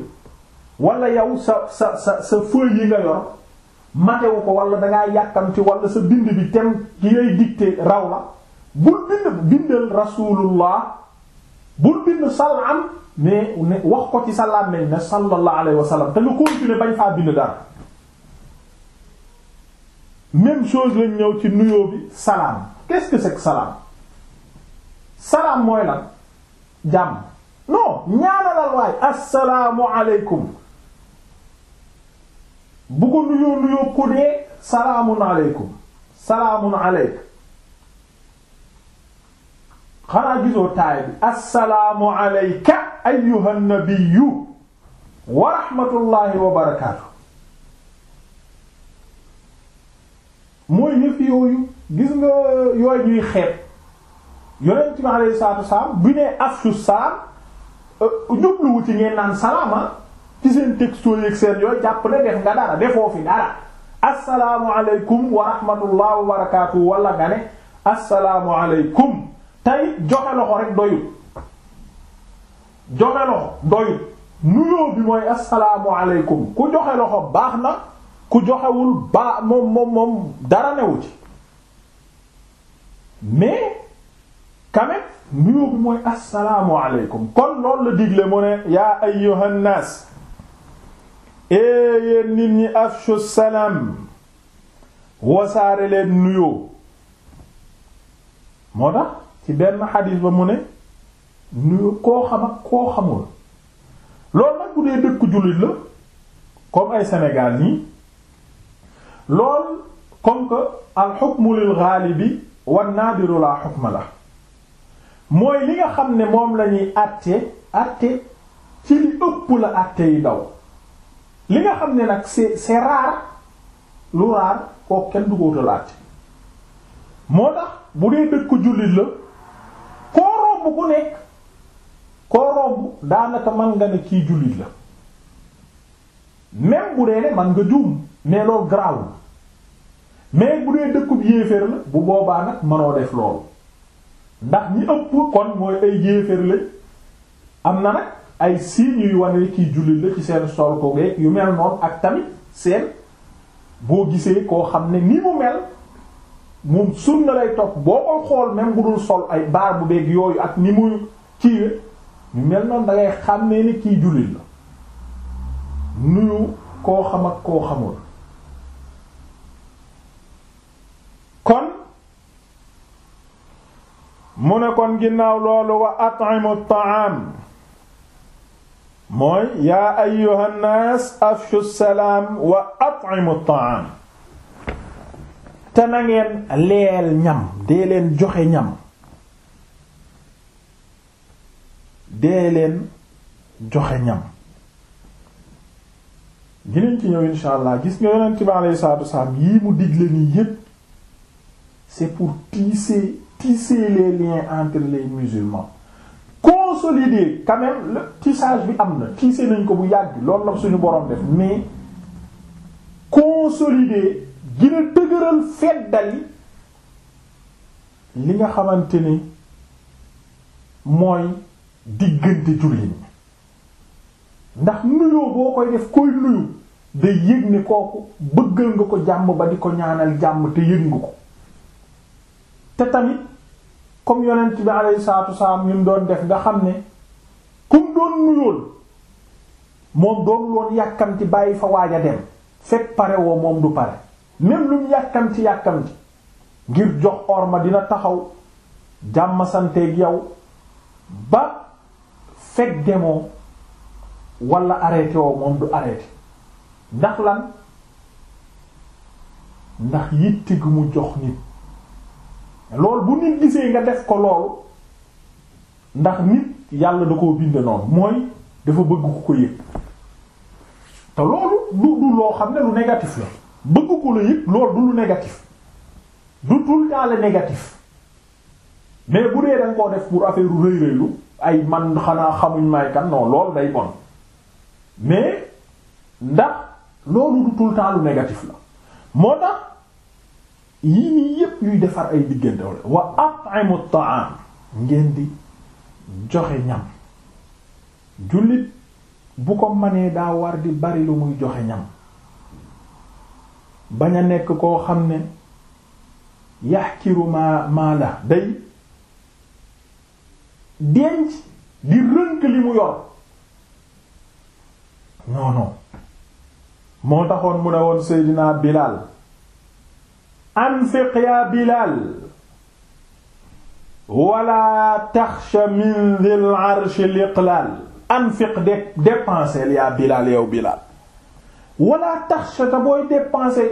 Speaker 1: wala yow sa sa sa sa feuille yi nga yor matewu ko wala dangaa yàkkamti wala sa bind bi tem ki ngay dicté raw la bul bind bindal rasulullah bul bind salaam mais wax ko ci sa làmmiñ ne sallallahu alayhi wa sallam te nga continuer bañ faa bind dara même chose lañ ñëw ci nuyoo bi salaam qu'est-ce salaam salaam mooy lan jàmm non ñaanalal waay assalaamu alaykum bu ko nuyoo nuyoo ku dee salaamun alaykum salaamun alayk xanaa gisoo taay bi assalaamu alayka ayyuha nabiyyu wa wa barakaatu mooy yëf yooyu gis nga yooyu yi xeeb yonent bi alayhi salaatu wasalaam bu afsu salaam euh, jubluwu ci ngeen naan salaama ah, ci seen texto yeeg yooyu jàpp ne def nga dara defoo fi dara assalaamu alaykum wa rahmatullahi wa barakaatu wala nga ne assalaamu alaykum tey joxe loxo rek doyut joxe loxo doyut nuyoo bi mooy assalaamu alaykum ku joxe loxo baax na ku joxewul baax moom moom dara newu ci mais quand nuyoo bi mooy assalaamu alaykum kon loolu la digle mu ne yaa ayyuhan naas yéen nit ñi afshu salaam wasaare leen nuyoo moo tax ci benn xadis ba mu ne nuyu koo xam ak koo xamul loolu nag bu dee dëkk jullit la comme ay Sénégal nii lool comme que al hukmu lil ghalibi wan nadiru la hukma la mooy li nga xam ne moom la ñuy àtte àtte ci li ëpp la àtte yi daw li nga xam ne nag c'est c'est lu rare koo kenn du ko wutal àtte moo tax bu dee dëkk jullit la romb ku nekk koo romb daanaka man nga ne kii jullit mais loolu garaawul bu dee dëkkub yéeféer la bu boobaa nag mënoo def loolu ndax ñi ëpp kon mooy ay yéeféer lañ am na nag ay signes yu wane kii jullit la ci seen sol ko geeg yu mel noonu ak tamit seen boo gisee koo xam ne ni mu mel moom sunna lay topp boo ko xool même bu dul sol ay baar bu beeg yooyu ak ni muy kiiwe ñu mel noonu da ngay ni kii jullit la nuyu koo xam ak koo xamul kon mu ne kon ginnaaw loolu wa at'imu at-ta'am mooy yaa ayyuhan nas afshu as-salam wa at'imu at-ta'am te na ngeen leel ñam dee leen joxe ñam dee leen joxe ñam ginañ ci ñëw insha allah gis nga yonent bi alayhi salaatu wasalaam yii mu digle nii yépp c'est pour tisser tisser les liens entre les musulmans consolider quand même bi am na tisser nañ ko bu yàgg lool la suñu boroom def mais consolider gën a dëgëral feddali li nga xamante ni mooy diggante jullit ñi ndax nuyoo boo koy def koy nuyu day yëg ni kooku bëggal nga ko jàmm ba di ko ñaanal jàmm te yëg nga ko te tamit comme yonent bi alayhi salaatu salaam ñu doon def nga xam ne kum doon nuyool moom doon loon yàkkamti bàyyi fa waaj a dem fekk pare woo moom du pare même lum yàkkamti yàkkamti ngir jox orma dina taxaw jàmm santeeg yow ba fekk demoo wala arrêté woo moom du arrêté ndax lan ndax yitte gu mu jox nit loolu bu nit gisee nga def ko loolu ndax nit yàlla da koo bind noonu mooy dafa bëgg ku ko yëg te loolu du du loo xam ne lu négatif la bëgg ko la loolu du lu négatif du tout le la négatif mais bu dee danga koo def pour affaire rëy rëylu ay man xanaa xamuñ may kan non loolu day bon mais ndax loolu du tout le temps lu négatif la moo tax yii nii yépp yuy defar ay diggante wala wa at'imu ta'am ngeen di joxe ñam jullit bu ko manee daa war di bari lu muy joxe ñam bañ a nekk koo xam ne yaxkiru maa maa la day denc di rënk li mu yor non non moo taxoon mu ne woon Seydina Bilal anfiq yaa Bilal wala taxsha min dhil arsh liqlaal anfiq de yaa Bilal yow Bilal wala taxsha te booy dépenser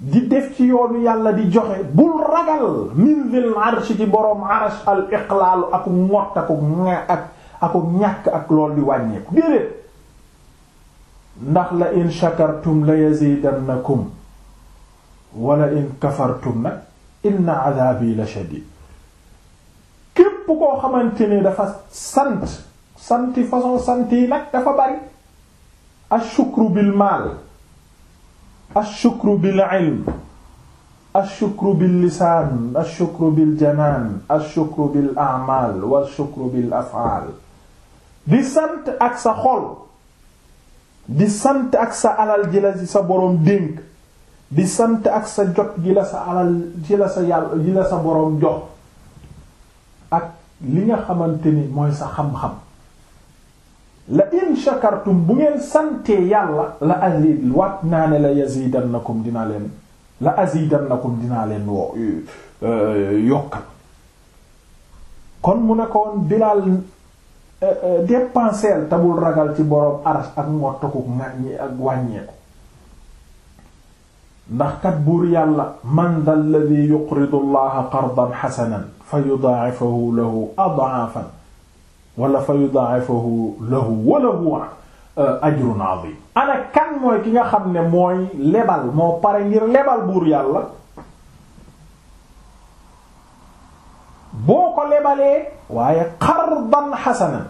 Speaker 1: di def ci yoonu yàlla di joxe bul ragal min zil arsh ci boroom arsh al iqlaalu ak mott ak ak ak ñàkk ak lool di wàññeeku déedéet ndax la in shakartum la yazidannakum wala in kafartum nag inna adaabi la shadid képp koo xamante ne dafa sant santi façon sant yi nag dafa bari ash-shukru bil maal ash-shukru bil ilm ash-shukru bil lisaan ash-shukru bil janaan ash-shukru bil a'maal wa ash-shukru bil af'aal di sant ak sa xol di sant ak sa alal ji sa boroom dénk di sant ak sa jot ji sa alal ji boroom jox ak li nga xamante ni mooy sa xam-xam la in shakartum bu ngeen santee yàlla la azid waat naa ne la yazidannakum dinaa leen la azidannakum dinaa leen wo euh, yokkal kon mu ne ko woon Bilaal euh, euh, dépenseel tabul ragal ci boroom aras ak ngottukuk ŋàññi ak wàññeeku ndax kat buur yàlla man dal ladhi yuqridu allaha qardan hasanan fa yudaa'ifahu lahu ad'aafan wala fa yudaa'ifahu lahu wa lahu ajrun azim ana kan mooy ki nga xam ne mooy lebal moo pare ngir lebal buur yàlla boo ko lebalee waaye qardan xasanan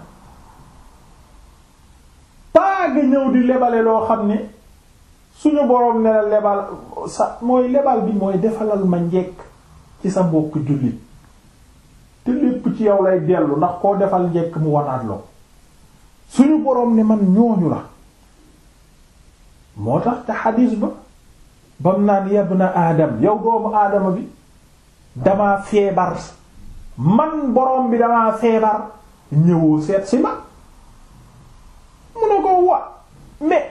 Speaker 1: paa ñëw di lebale loo xam ne suñu boroom ne la lebal mooy lebal bi mooy defalal ma njekk ci sa mbokk jullit ci yow lay dellu ndax koo defal njekk mu wanaat loo suñu boroom ne man ñooñu la moo tax te xadiis ba bam naan yab na aadam yow doomu aadama bi damaa feebar man boroom bi damaa feebar ñëwoo seet si ma mu ne ko wa mais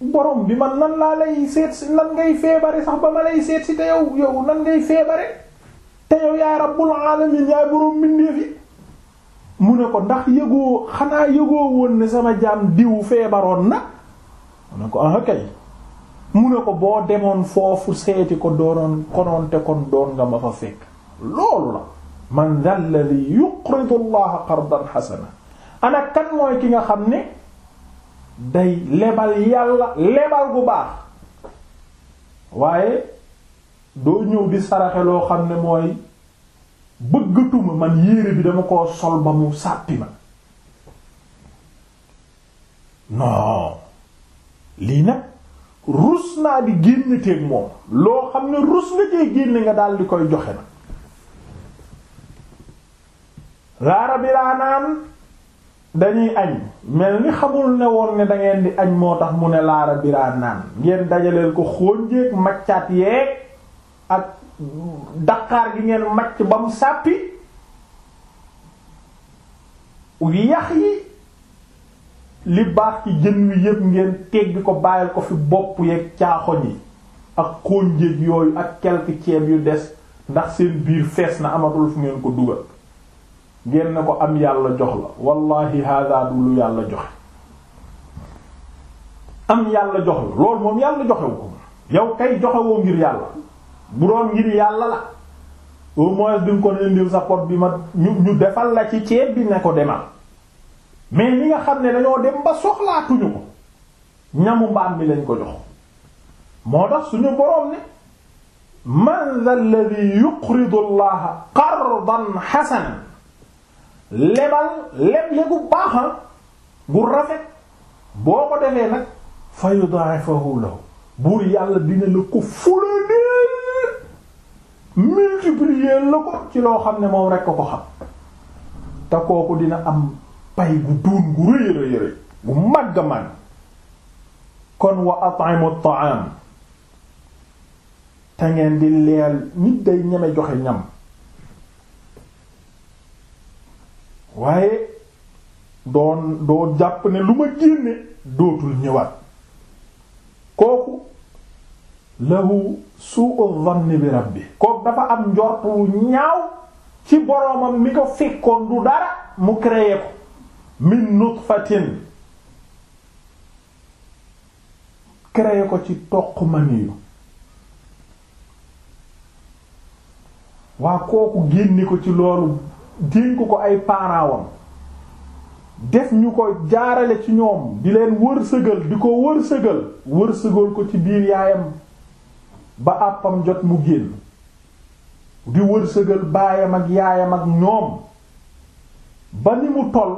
Speaker 1: boroom bi man nan laa lay seet si nan ngay feebare sax ba ma lay seet si te yow yow nan ngay feebare te yow yaay rabbul alamin yaay boroom mbindeef yi mu ne ko ndax yëgoo xanaa yëgoo woon ne sama jaam diw feebaroon na mu ne ko ah kay mu ne ko boo demoon foofu seeti ko doonoon konoon te kon doon nga ma fa fekk loolu la man dal ladhi yuqridu allaha qardan hasana ana kan mooy ki nga xam ne day lebal yàlla lebal bu baax waaye doo ñëw di saraxe loo xam ne mooy bëggatuma man yére bi dama koo sol ba mu sàppi ma non lii nag rus naa di génn teeg moom loo xam ne rus nga cee génn nga daal di koy joxe na laara bi dañuy añ mel ni xamul ne woon ne dangeen di añ moo tax mu ne laara biraa ngeen dajaleel ko xóonjeeg maccaat yeeg ak daqaar gi ngeen macc ba mu sàppi yax yi li baax ci jën wi yépp ngeen tegg ko bàyyil ko fi bopp yeeg caaxoñ yi ak xóonjéeg yooyu ak quelque ceeb yu des ndax seen biir fees na amatul fu ngeen ko dugal ngeen na ko am yàlla jox la wallahi hada lu yàlla joxe am yàlla jox la loolu moom yàlla joxewu yow kay joxewoo ngir yàlla bu doon ngir yàlla la au moins bi nga ko indil sa pot bi ma ñu ñu defal la ci ceeb bi ne ko demal mais ñi nga xam ne dañoo dem ba soxlaatuñu ko ñamu mbaam mi lañ ko jox moo tax suñu boroom ne man dha alladhi yuqridu allaha qardan hasanan lebal leble gu baaxal ah, gu rafet boo ko defee nag fa yudaa'ifahu lahu buur yàlla dina la ko fulani multiplier la ko ci loo xam ne moom rekk a ko xam te kooku dina am pay gu duun gu rëy rëy rëy bu màgg man kon wa at'imu ta'am te ngeen di leel nit day ñeme joxe ñam waaye doon doo jàpp ne lu ma génne dootul ñëwaat kooku lahu su'u dhanni bi rabbi ko dafa am njort wu ñaaw ci boroomam mi ko fekkoon du dara mu créé ko min nutfatin créé ko ci toq maniyu waa kooku génne ko ci loolu dénk ko ay paaraawam def ñu ko jaarale ci ñoom di leen wërsëgal di ko wërsëgal wërsëgal ko ci biir yaayam ba àppam jot mu génn di wërsëgal baayam ak yaayam ak ñoom ba ni mu toll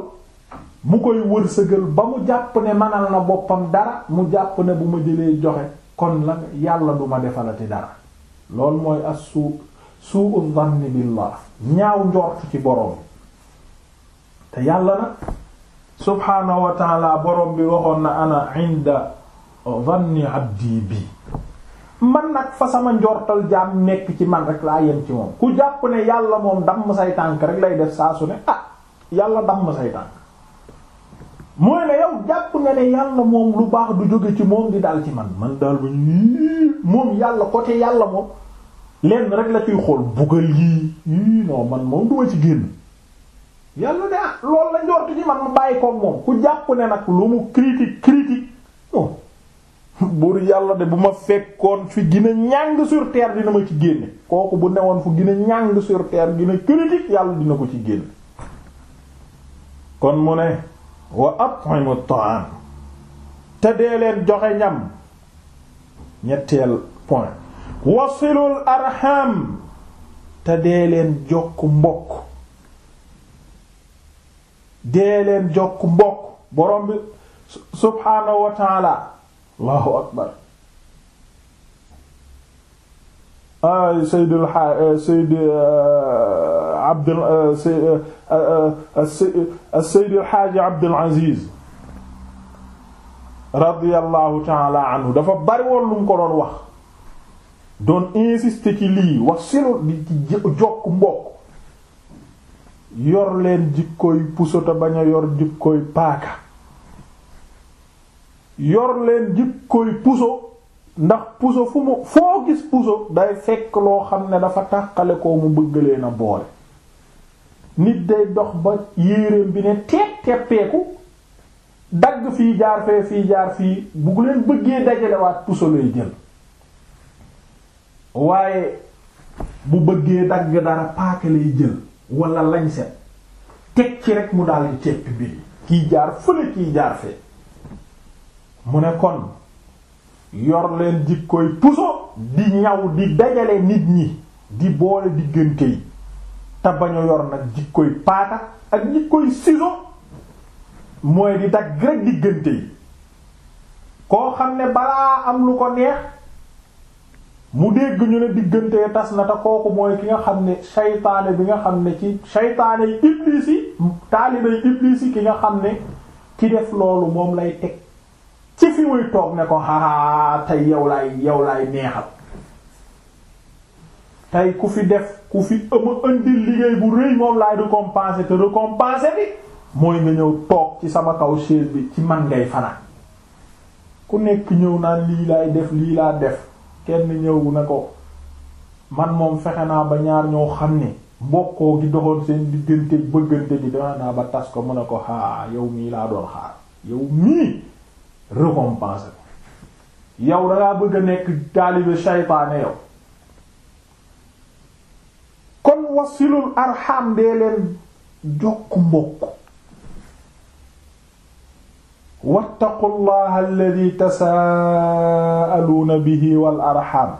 Speaker 1: mu koy wërsëgal ba mu jàpp ne manal na boppam dara mu jàpp ne bu ma jëlee joxe kon la yàlla duma ma defalati dara loolu mooy as suu su'u dhanni billah ñaaw njort ci borom te yàlla nag subhaanahu wa ta'ala bi waxoon na ana inda dhanni abdi bi man nag fa sama njortal jaam nekk ci man rek laa yem ci moom ku jàpp ne yàlla moom damm say tànk rek lay def saa su ne ah yàlla damm say tànk mooy ne yow jàpp nga ne yàlla moom lu baax du jóge ci moom di dal ci man man daal ba ñu moom yàlla côté yàlla moom lenn rek la ciy xool bugal yii yii non man moom duma ci génn yàlla de ah loolu la njort ci man bàyyi ko moom ku jàpp ne nag lu mu critique critique non buur yàlla de bu ma fekkoon fi gën ñàng surteer terre dina ma ci génne kooku bu newoon fu gina a ñàng sur terre gën yàlla dina ko ci génne kon mu ne wa at'imu ta'am te dee leen joxe ñam ñetteel point wasilul arham te dee leen jokk mbokk dee leen jokk mbokk borom bi subhaanahu wa allahu akbar ay Seyd al eh, Seyd eh, Abdul eh, Seyd al Xaaji Abdul Aziz radiyallahu taala anhu dafa bari woon lu mu ko doon wax doon insister ci lii wax silu di ci jokk mbokk yor leen jikkooy puso te bañ a yor jikkooy paaka yor leen jikkoy puso ndax puso fu mu foo gis puso day fekk loo xam ne dafa tàqale ko mu bëgg leen a boole nit day dox ba yéeréem bi ne teet teppeeku dagg fi jaar fee fii jaar fii bu bëggee dajalewaat puso lay jël waaye bu bëggee dagg dara paaka lay jël wala lañset teg ci rek mu daal di teppi mbir yi kiy jaar fële kiy jaar fee mu ne kon yor leen jikkoy puso di ñaw di dajale nit ñi di boole diggante yi te bañ a yor nag jikkoy paata ak jikkoy siso mooy di dagg rek diggante yi koo xam ne balaa am lu ko neex mu dégg ñu ne diggante tas na te kooku mooy ki nga xam ne saytaane bi nga xam ne ci saytaane yi yi taalibe yi yi ki nga xam ne ki def loolu moom lay teg ci fi muy toog ne ko xaxaa tey yow laay yow laay neexal tey ku fi def ku fi ëma indi liggéey bu rëy moom laay récompenser te récompenser bi mooy nga ñëw toog ci sama kaw chaise bi ci man ngay fanaan ku nekk ñëw naan lii laay def lii laa def kenn ñëw na ko man moom fexe naa ba ñaar ñoo xam ne mbokkoo gi doxoon seen diggante bëggante di dama naa ba tas ko mun a ko xaa yow mii laa doon xaar yow mii récompense yow dangaa bëgg a nekk taalibe shaytaane yow kon wasilul arxam dee leen jokk mbokk wattaqullaha alladi tasaaluuna bihi wal arxam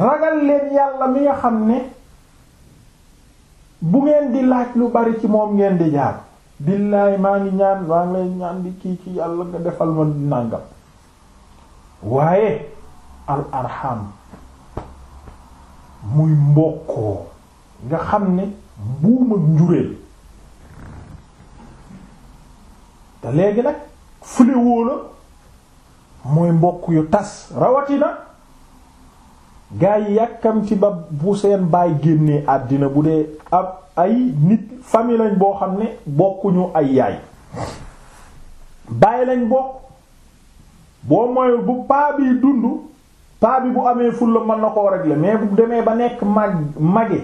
Speaker 1: ragal leen yàlla mi nga xam ne bu ngeen di laaj lu bari ci moom ngeen di jaar billaay maa ngi ñaan maa ngi ñaan di kii ci yàlla nga defal ma nàngam waaye al arham muy mbokkoo nga xam ne buum ak njureel te léegi nag fulewoo la mooy mbokk yu tas rawatina gaa yi yàkkamti ba bu seen baay génnee àddina bu dee ab ay nit famille lañ boo xam ne bokkuñu ay yaay baay lañ bokk boo moyul bu paa dund paa bi bu amee fulla mën na koo régler mais bu demee ba nekk mag mage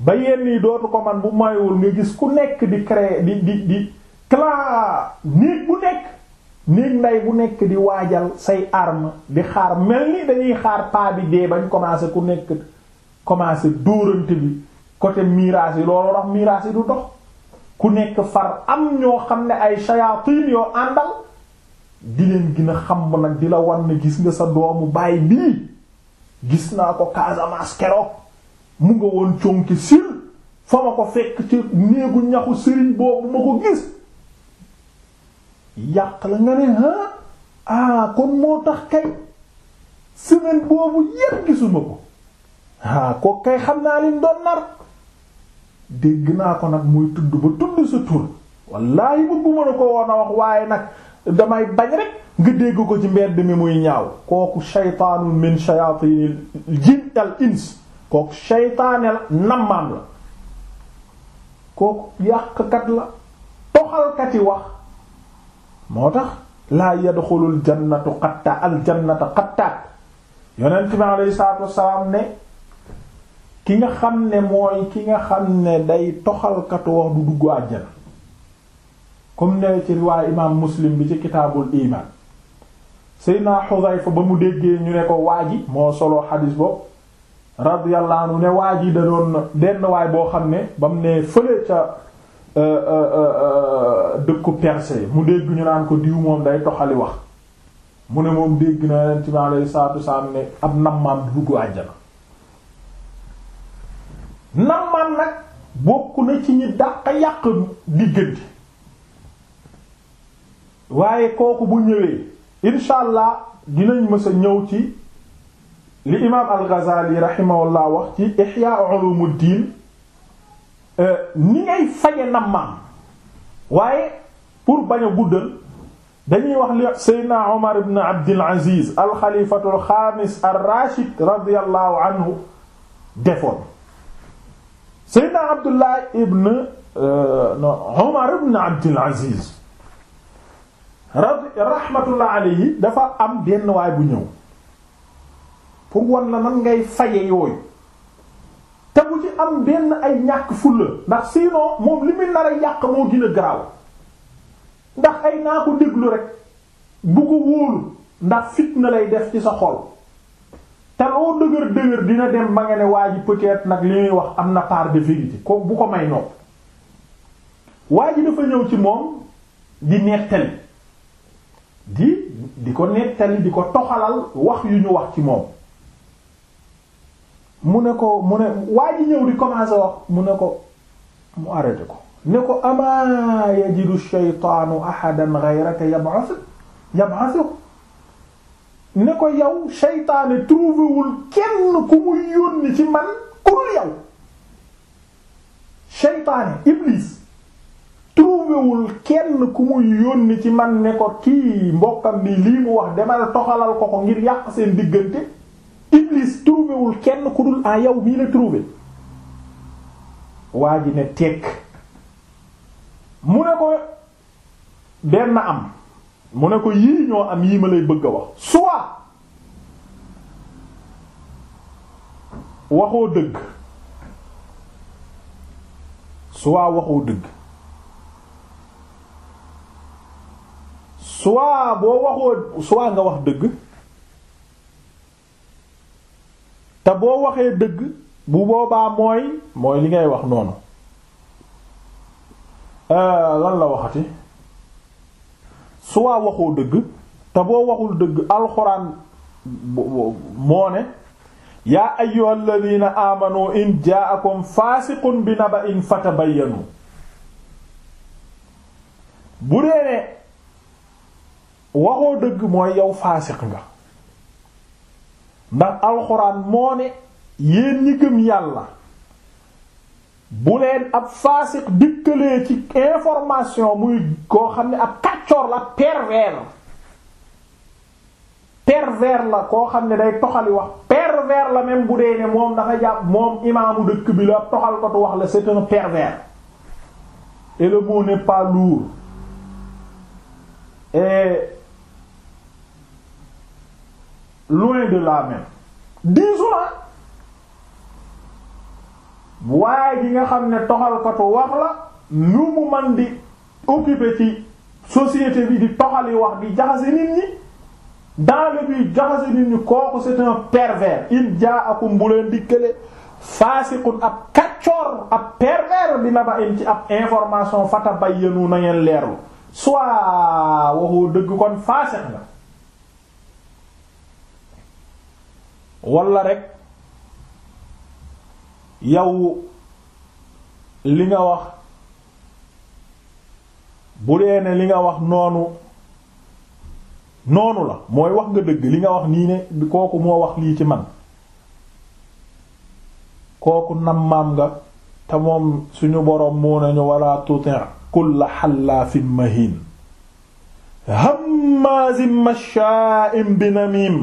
Speaker 1: ba yenn yi dootu ko man bu moywul nga gis ku nekk di créer di di di clan nit bu nekk nit nday bu nekk di waajal say arme di xaar mel ni dañuy xaar paa bi dee bañ commencé ku nekk commencé dóorante bi côté miraas yi loolu tax miraas yi du dox ku nekk far am ñoo xam ne ay shayatin yoo àndal di leen gën a xam nag di la wan ne gis nga sa doomu baay bii gis naa ko Casamance keroog mu nga woon conki sil fa ma ko fekk ci néegu ñaxu sëriñ boobu ma ko gis yàq la nga ne ah kon moo tax kay semaine boobu yépp gisuma ko ah ko kay xam naa lim doon dégg naa ko nag muy tudd ba tudd sa tur wallaahi bëgguma na ko woon a wax waaye nag damay bañ rek nga dégg ko ci mbedd mi muy ñaaw kooku shaytaanun min shayatinil jinn al ins kooku shaytaane la nammaam la kooku yàqkat la toxalkati wax moo tax laa yadxulul jannatu xatta al jannata xattaat yonent bi alayhi salaatu wassalaam ne ki nga xam ne mooy ki nga xam ne day toxalkatu wax du dugg àjjana comme ne ci riwaay imaam muslim bi ci kitaabul iman Seydina Xudayfa ba mu déggee ñu ne ko waaji moo solo xadiis boobu radiyallahu anhu ne waaji da doon denn waay boo xam ne ba mu ne fële ca Euh, euh, euh, dëkku perse mu dégg ñu naan ko diw moom day toxali wax mu ne moom dégg na leen ci maa saatu saam ne ab nammaam du àjjana nammaam nag bokk na ci ñi dàq yàq diggante waaye kooku bu ñëwee insha allah dinañ mës ñëw ci li imaam al-Ghazali rahimahullah wax ci Ihya ulumuddin Euh, ni ngay faje nammaam waaye pour bañ a guddal dañuy wax li seydna omar ibn abdul aziz alxalifatu alxaamis alrashid radiallahu anhu defoon seydna abdullah ibn euh, omar ibn abdul aziz rahmatullah alayhi dafa am benn waay bu ñëw pour wan na nan ngay faje yooyu te bu ci am benn ay ñàkk fulla ndax sinon moom li muy nar a yàq moo gën a ndax ay naa ko déglu rek bu ko wóolu ndax fitna lay def ci sa xol te loo dëgër dëgër dina dem ba nga ne waa ji peut nag li ñuy wax am na part de vérité ko bu ko may nopp waa ji dafa ñëw ci moom di nettali di di ko nettali di ko toxalal wax yu ñu wax ci moom mu ne ko mu ne waa ji ñëw di commencer wax mu ne ko mu arrêté ko ne ko amaa yajidu shaytaanu ahadan ghayraka yab'athu yab'athu ne ko yow shaytaane trouvéwul kenn ku muy yónni ci man ku dul yow shaytaane iblis trouvéwul kenn ku muy yónni ci man ne ko kii mbokkam mi lii wax demal toxalal ko ko ngir yàq seen diggante Iblis trouvé wul kenn ku dul en yow bii la trouvé waa ji ne tekk mu ne ko benn am mu ne ko yii ñoo am yii ma lay bëgg a wax soit waxoo dëgg soit waxoo dëgg soit boo waxoo soit nga wax dëgg te boo waxee dëgg bu boobaa mooy mooy li ngay wax noonu euh, lan la waxati su waa waxoo dëgg te boo waxul dëgg alxuraan moo ne yaa ayyuhal ladina amanu in ja'akum fasiqun bi naba'in fatabayyanu bu dee ne waxoo dëgg mooy yow faasiq nga ndax alxuraan moo ne yéen ñi yàlla bu leen ab faasiq dikkalee ci information muy koo xam ne ab kàccoor la pervers pervers la koo xam ne day toxali wax pervers la même bu dee ne moom dafa jàpp moom imaamu dëkk bi la toxal ko tu wax la c'est un pervers et le pas lourd loin de là même dix ah. waaye ji nga xam ne toxalkatu wax la nu mu man di occupé ci société bi di toxali wax di jaxase nit ñi dans le but jaxase nit ñi kooku c'est un pervers in ja'akum bu leen dikkale faasiqun ab kaccoor ab pervers bi na ba in ci ab information fatabayyanu na ngeen leerlu soit waxoo dëgg kon faasiq nga walla rek yow li nga wax bu dee ne li nga wax noonu noonu la mooy wax nga dëgg li nga wax nii ne kooku moo wax lii ci man kooku nammaam nga te moom suñu boroom moo nañu wala tuti kulla xallaafin mahin hammazin mashaa'in bi namim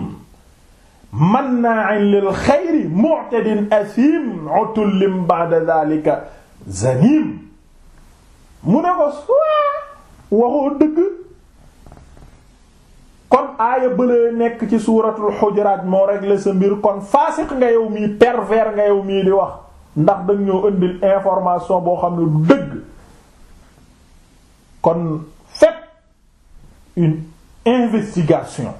Speaker 1: mannaa'in lil xayri mu'tadin asiim utullin ba'da daalika zaniim mu ne ko soit waxoo dëgg kon aaya bëlee nekk ci suuratul xujuraat moo réglé sa mbir kon faasiq nga yow mii pervers nga yow mii di wax ndax dañoo ñoo information boo xam ne du dëgg kon faites une investigation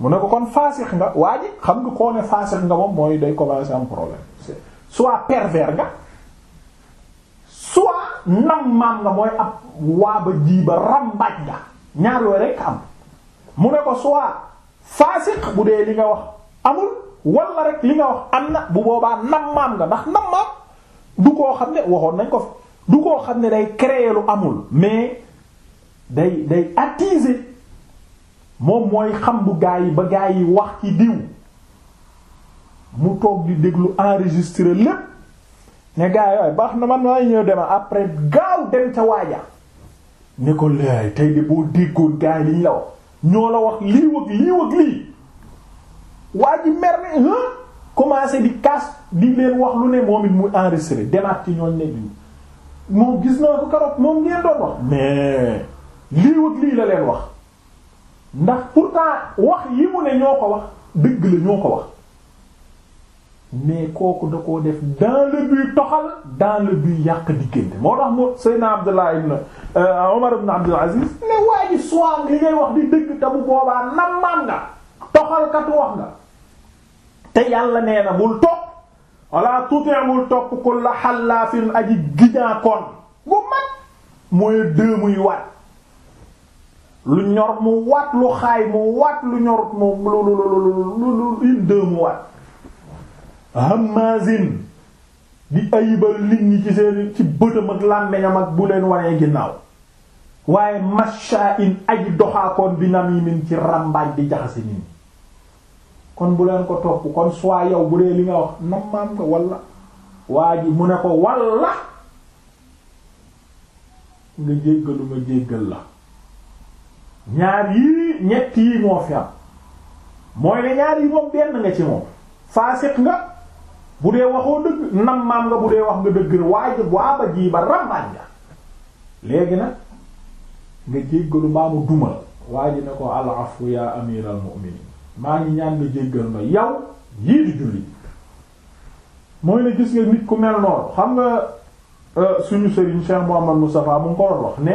Speaker 1: mu ne ko kon faasix nga waa xam nga koo ne faasix nga moom mooy day commencer am problème soit pervers nga soit nam maam nga mooy ab waaba jiiba rambaaj nga ñaar yooyu rekk am mu ne ko soit faasix bu dee li nga wax amul walla rek li nga wax am na bu boobaa nam maam nga ndax nam maam du koo xam ne waxoon nañ ko du koo xam ne day créer lu amul mais day day attiser moom mooy xam bu gaa yi ba gaa yi wax ci diw mu toog di déglu enregistré lépp ne gaa yooyu baax na man maa ñëw dema après gaaw dem ca waaja ne ko laay tey de boo déggoon gaa yi liñ la wax ñoo la wax lii wëg lii wëg lii waa ji mer ne commencé di kaas di leen wax lu ne moom it muy enregistré demaat ci ñooñ ne diw moom gis naa ko karoot moom ngeen doon wax mais lii wëg lii la leen wax ndax pourtant wax yi mu ne ñoo ko wax dëgg la ñoo ko wax mais kooku da koo def dans le but toxal dans le but yàq diggante moo tax mu Seydina Abdullah ibn Umar euh, ibn Abdul Aziz ne waa ji soang ngay wax di dëgg te bu boobaa nammaan nga toxalkatu wax nga te yàlla nee na bul topp walla tuuti bul topp kulla xallaafin aji giñaakoon bu mag mooy deux muy lu ñor mu waat lu xaay mu waat lu ñorut mu lu lu lu une deux mu waat hamazin di ayibal nit ñi ci seen ci bëtam ak làmmeñam ak bu leen wanee ginnaaw waaye masha in aji doxaakoon bi namimin ci ràmbaaj di jaxasi nit ñi kon bu leen ko topp kon soit yow bu dee li nga wax nammaam nga walla waa ji mu ne ko walla nga jéggalu ma jéggal la ñaar yii ñett yii moo fi mooy ne ñaar yi moom benn nga ci moom faasiq nga bu dee waxoo dëgg nam maam nga bu dee wax nga dëgg waaye waaba jii ba ràmbaañ nga léegi nag nga jéggalu maamu duma waa ne ko al afu ya amiral mu'minin maa ngi ñaan nga jéggal ma yow yii di julli mooy ne gis nga nit ku mel noonu xam nga euh, suñu sëriñ Cheikh Mouhamad Moustapha mu ngi ko wax ne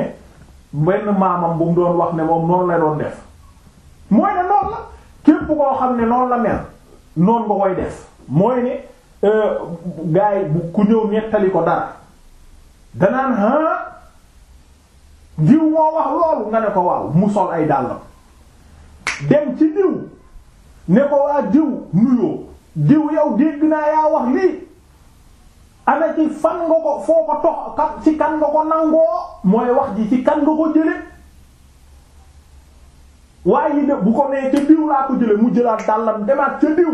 Speaker 1: benn maamam bu mu doon wax ne moom noonu la doon def mooy ne noonu la képp koo xam ne noonu la mel noonu nga koy def mooy ne euh, gaay ku ñëw nettali ko dara danaan ah diw moo wax loolu nga ne ko waaw mu sol ay dàllam dem ci diw ne ko waa diw nuyoo diw yow dégg naa yaa wax lii ana ci fan nga ko foo ko tox ci kan nga ko nangoo mooy wax ji ci kan nga ko jële waaye de bu ko nee ca diw laa ko jële mu jëlaat dàllam demaat ca diw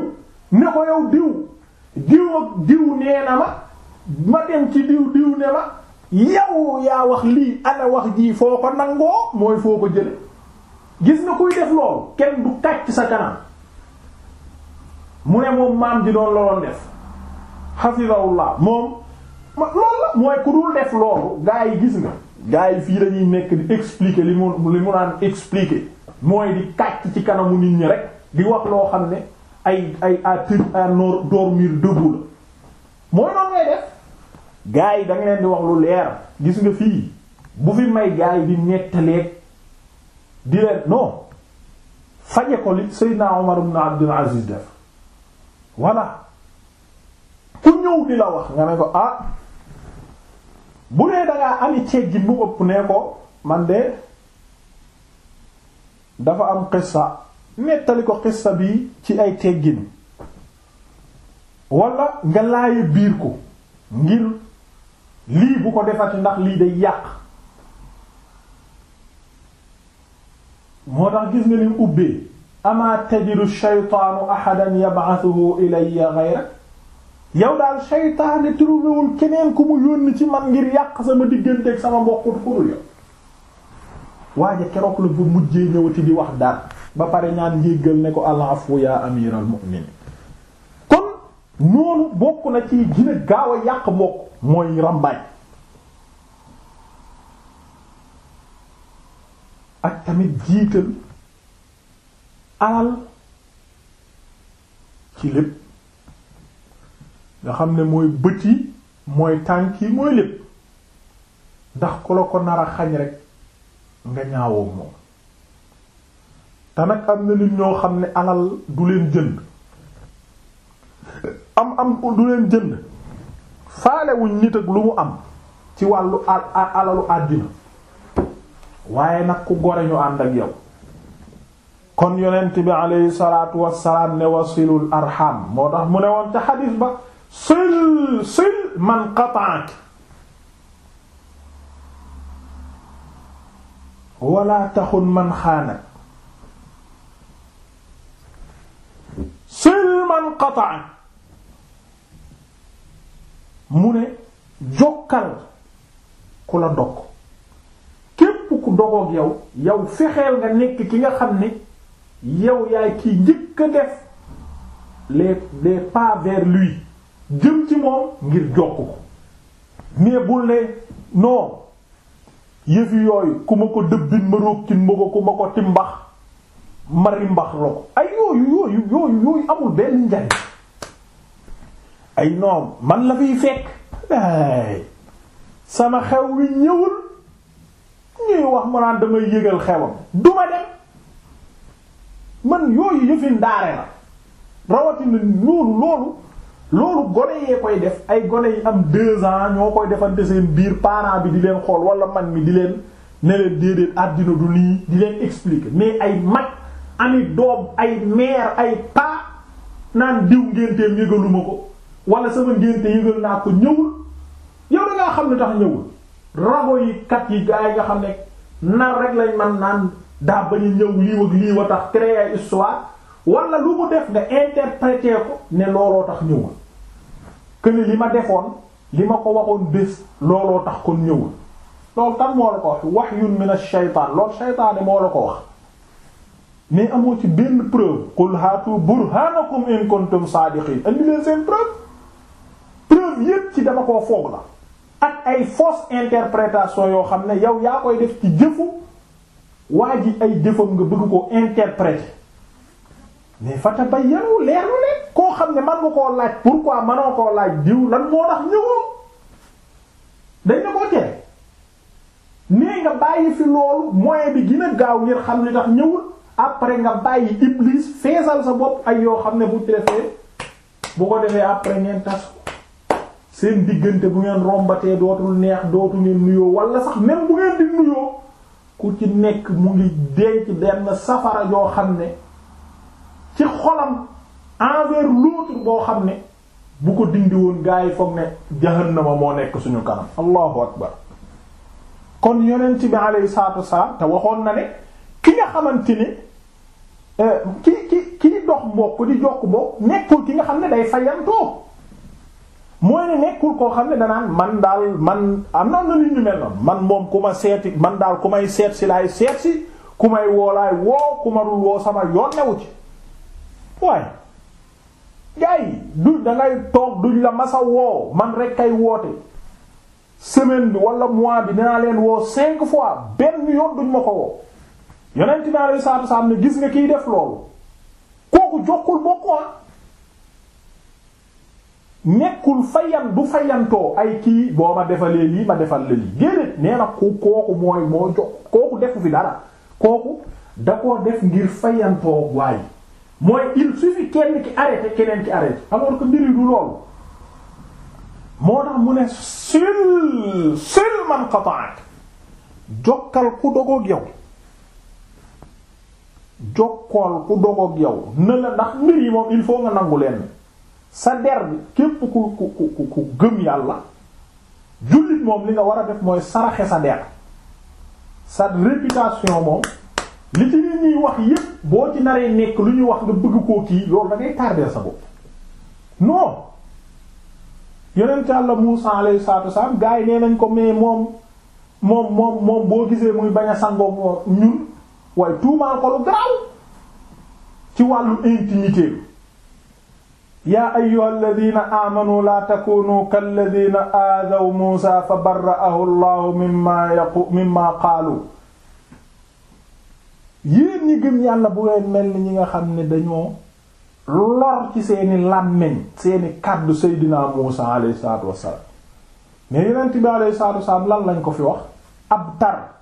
Speaker 1: ne ko yow diw diw ak na ma ma dem ci diw diw ne la yow yaa wax lii ana wax ji foo ko nangoo mooy foo ko jële gis nga kuy def loolu kenn du kàcc sa kanam mu ne moom maam ji doon looloon def hafizahullah moom loolu la mooy ku dul def loolu gaa gis nga gaa fii lañuy nekk di expliquer li mu li mu naan expliquer mooy di kàcc ci kanamu nit ñi rek di wax loo xam ne ay ay à t à nor dormir debout la mooy noonu ngay def gaa yi da leen di wax lu leer gis nga fii bu fi may gaa yi di nettaleeg di leen non faje ko li Seydina Omar ibn Aziz def ku ñëw di la wax nga ne ko ah bu dee dangaa ami ceeb ji mu ëpp ne ko man de dafa am xissa nettali ko xissa bi ci ay teggin wala nga laaye biir ko ngir lii bu ko defati ndax lii de yàq moo tax gis nga ni ubbee amaa tajidu shaytaanu ahadan yab'athuhu ilayya ghayrak yow daal seytaane trouvéwul keneen ku mu yónni ci man ngir yàq sama digganteeg sama mbokkut xurul yow waaye keroog la bu mujjee ñëwati di wax daal ba pare ñaan njéggal ne ko al-afwu yaa amiral mu'minin kon noonu bokk na ci gina gaaw a yàq mbokk mooy rambaaj ak tamit jiital alal ci lépp nga xam ne mooy bët yi mooy tànk yi mooy lépp ndax ku la ko nar a xañ rek nga ñaawoo moom te nag am na nit ñoo xam ne alal du leen jënd am am du leen jënd faalewuñ nit lu mu am ci wàllu alalu àddina waaye nag ku gore ñu ànd ak yow kon yonent bi aleyhi salaatu wassalaam ne wasilul arham moo tax mu ne woon ca xadiis ba sil sil man qata'ak wala taxun man xaanak sil man qata'ak mu ne jokkal ku la dog képp ku dogoog yow yow fexeel nga nekk ki nga xam ni yow yaay kiy njëkk def les les pas vers lui jëm ci moom ngir jokk ko mais bul ne non yëfi yooyu ku ma ko dëbbin ma roog ma ko ku ma ko timbax mari mbax la ko ay yooyu yooyu yooyu yooyu amul benn njariñ ay noom man la fiy fekk ay sama xew wi ñëwul ñuy wax ma naan damay yëgal xewam duma dem man yooyu yëfi ndaare la rawatina loolu loolu loolu gone yee koy def ay gone yi am deux ans ñoo koy defante seen biir parent bi di leen xool wala man mi di leen ne leen déedéet àddina du nii di leen expliquer mais ay mag ami doom ay mère ay pa naan diw ngénteem yëgaluma ko wala sama ngénte yëgal naa ko ñëwul yow da ngaa xam ne tax ñëwul rago yi kat yi gaa yi nga xam ne nar rek lañ man naan daa bañ a ñëw lii ak lii wa tax créer histoire wala lu mu def nga interpréter ko ne looloo tax ñëwul que li ma defoon li ma ko waxoon bés looloo tax kon ñëwul loolu tam moo la ko wax wahyun min a shaytaan loolu shaytaane moo la ko wax mais amoo ci benn preuve qul haatu burhanakum in kuntum saadiqiin andi leen seen preuve preuve yépp ci dama ko foog la ak ay fausse interprétation yoo xam ne yow yaa koy def ci jëfu waa ji ay jëfam nga bëgg ko interpréter mais fatabayyanu leerlu leen koo xam ne man nga koo laaj pourquoi manoo koo laaj diw lan moo tax ñëwoo dañ na koo tere nee nga bàyyi fi loolu moyen bi gën gaaw ngir xam ne tax ñëwul après nga bàyyi iblis feesal sa bopp ak yoo xam ne bu ci defee ko defee après ngeen tas seen diggante bu ngeen rombatee dootul neex dootu ngeen nuyoo wala sax même bu ngeen di nuyoo ku ci nekk mu ngi denc benn safara yoo xam ne ci xolam envers l'autre boo xam ne bu ko dindi woon gaa yi foog ne jahannama moo nekk suñu kanam allahu akbar kon yonent bi alayhi saatu wasalaam te waxoon na ne ki nga xamante ni euh, ki ki dox mbokk di jokk mbokk nekkul ki nga xam ne day fayantoo mooy ne nekkul koo xam ne danaan man daal man am na nit ñu mel noonu man moom ku ma seeti man daal ku may seet si laay seet si ku may woolaay woo ku ma dul woo sama yoon newu ci waaye gars du dangay toog duñ la masa woo man rek kay woote semaine bi walla mois bi dinaa leen woo cinq fois benn yoon duñ ma ko woo yonent bi alayhi salaatu wasallam ne gis nga kiy def loolu kooku jokkul bokkoo ah. nekkul fayan du fayantoo ay kii boo ma defalee lii ma defal la lii déedéet nee na kooku mooy moo jox kooku defu fi dara kooku da koo def ngir fayantoo waay mooy il suffit kenn ki arrêté keneen ki arrêté alors que mbir yi du loolu moo tax mu ne sil sil man qata'ak jokkal ku dogoog yow jokkool ku dogoog yow na ndax mbir yi moom il faut nga nangu leen sa der bi képp ku ku ku ku gëm yàlla jullit moom li nga war a def mooy saraxe sa der sa réputation moom li ci nit ñuy wax yépp boo ci naree nekk lu ñuy wax nga bëgg koo kii loolu da ngay tardeel sa bopp non yonent Yàlla Muusaa alayhi salaatu wassalaam gars nee nañ ko mais moom moom moom boo gisee muy bañ a sangoo ñun waaye tuumaal ko lu garaaw ci wàllu intimité yaa ayyuhal ladina amanu laa takunu kal ladina aadaw Muusaa fa barra'ahu Allahu mimma qaalu yéen ñi gëm yàlla bu ngeen mel ni ñi nga xam ne dañoo lor ci seeni làmmeñ seeni kàddu seydinaa Muusaa alayhi salaatu wassalaam mais yonent bi alayhi salaatu wassalaam lan lañ ko fi wax ab tar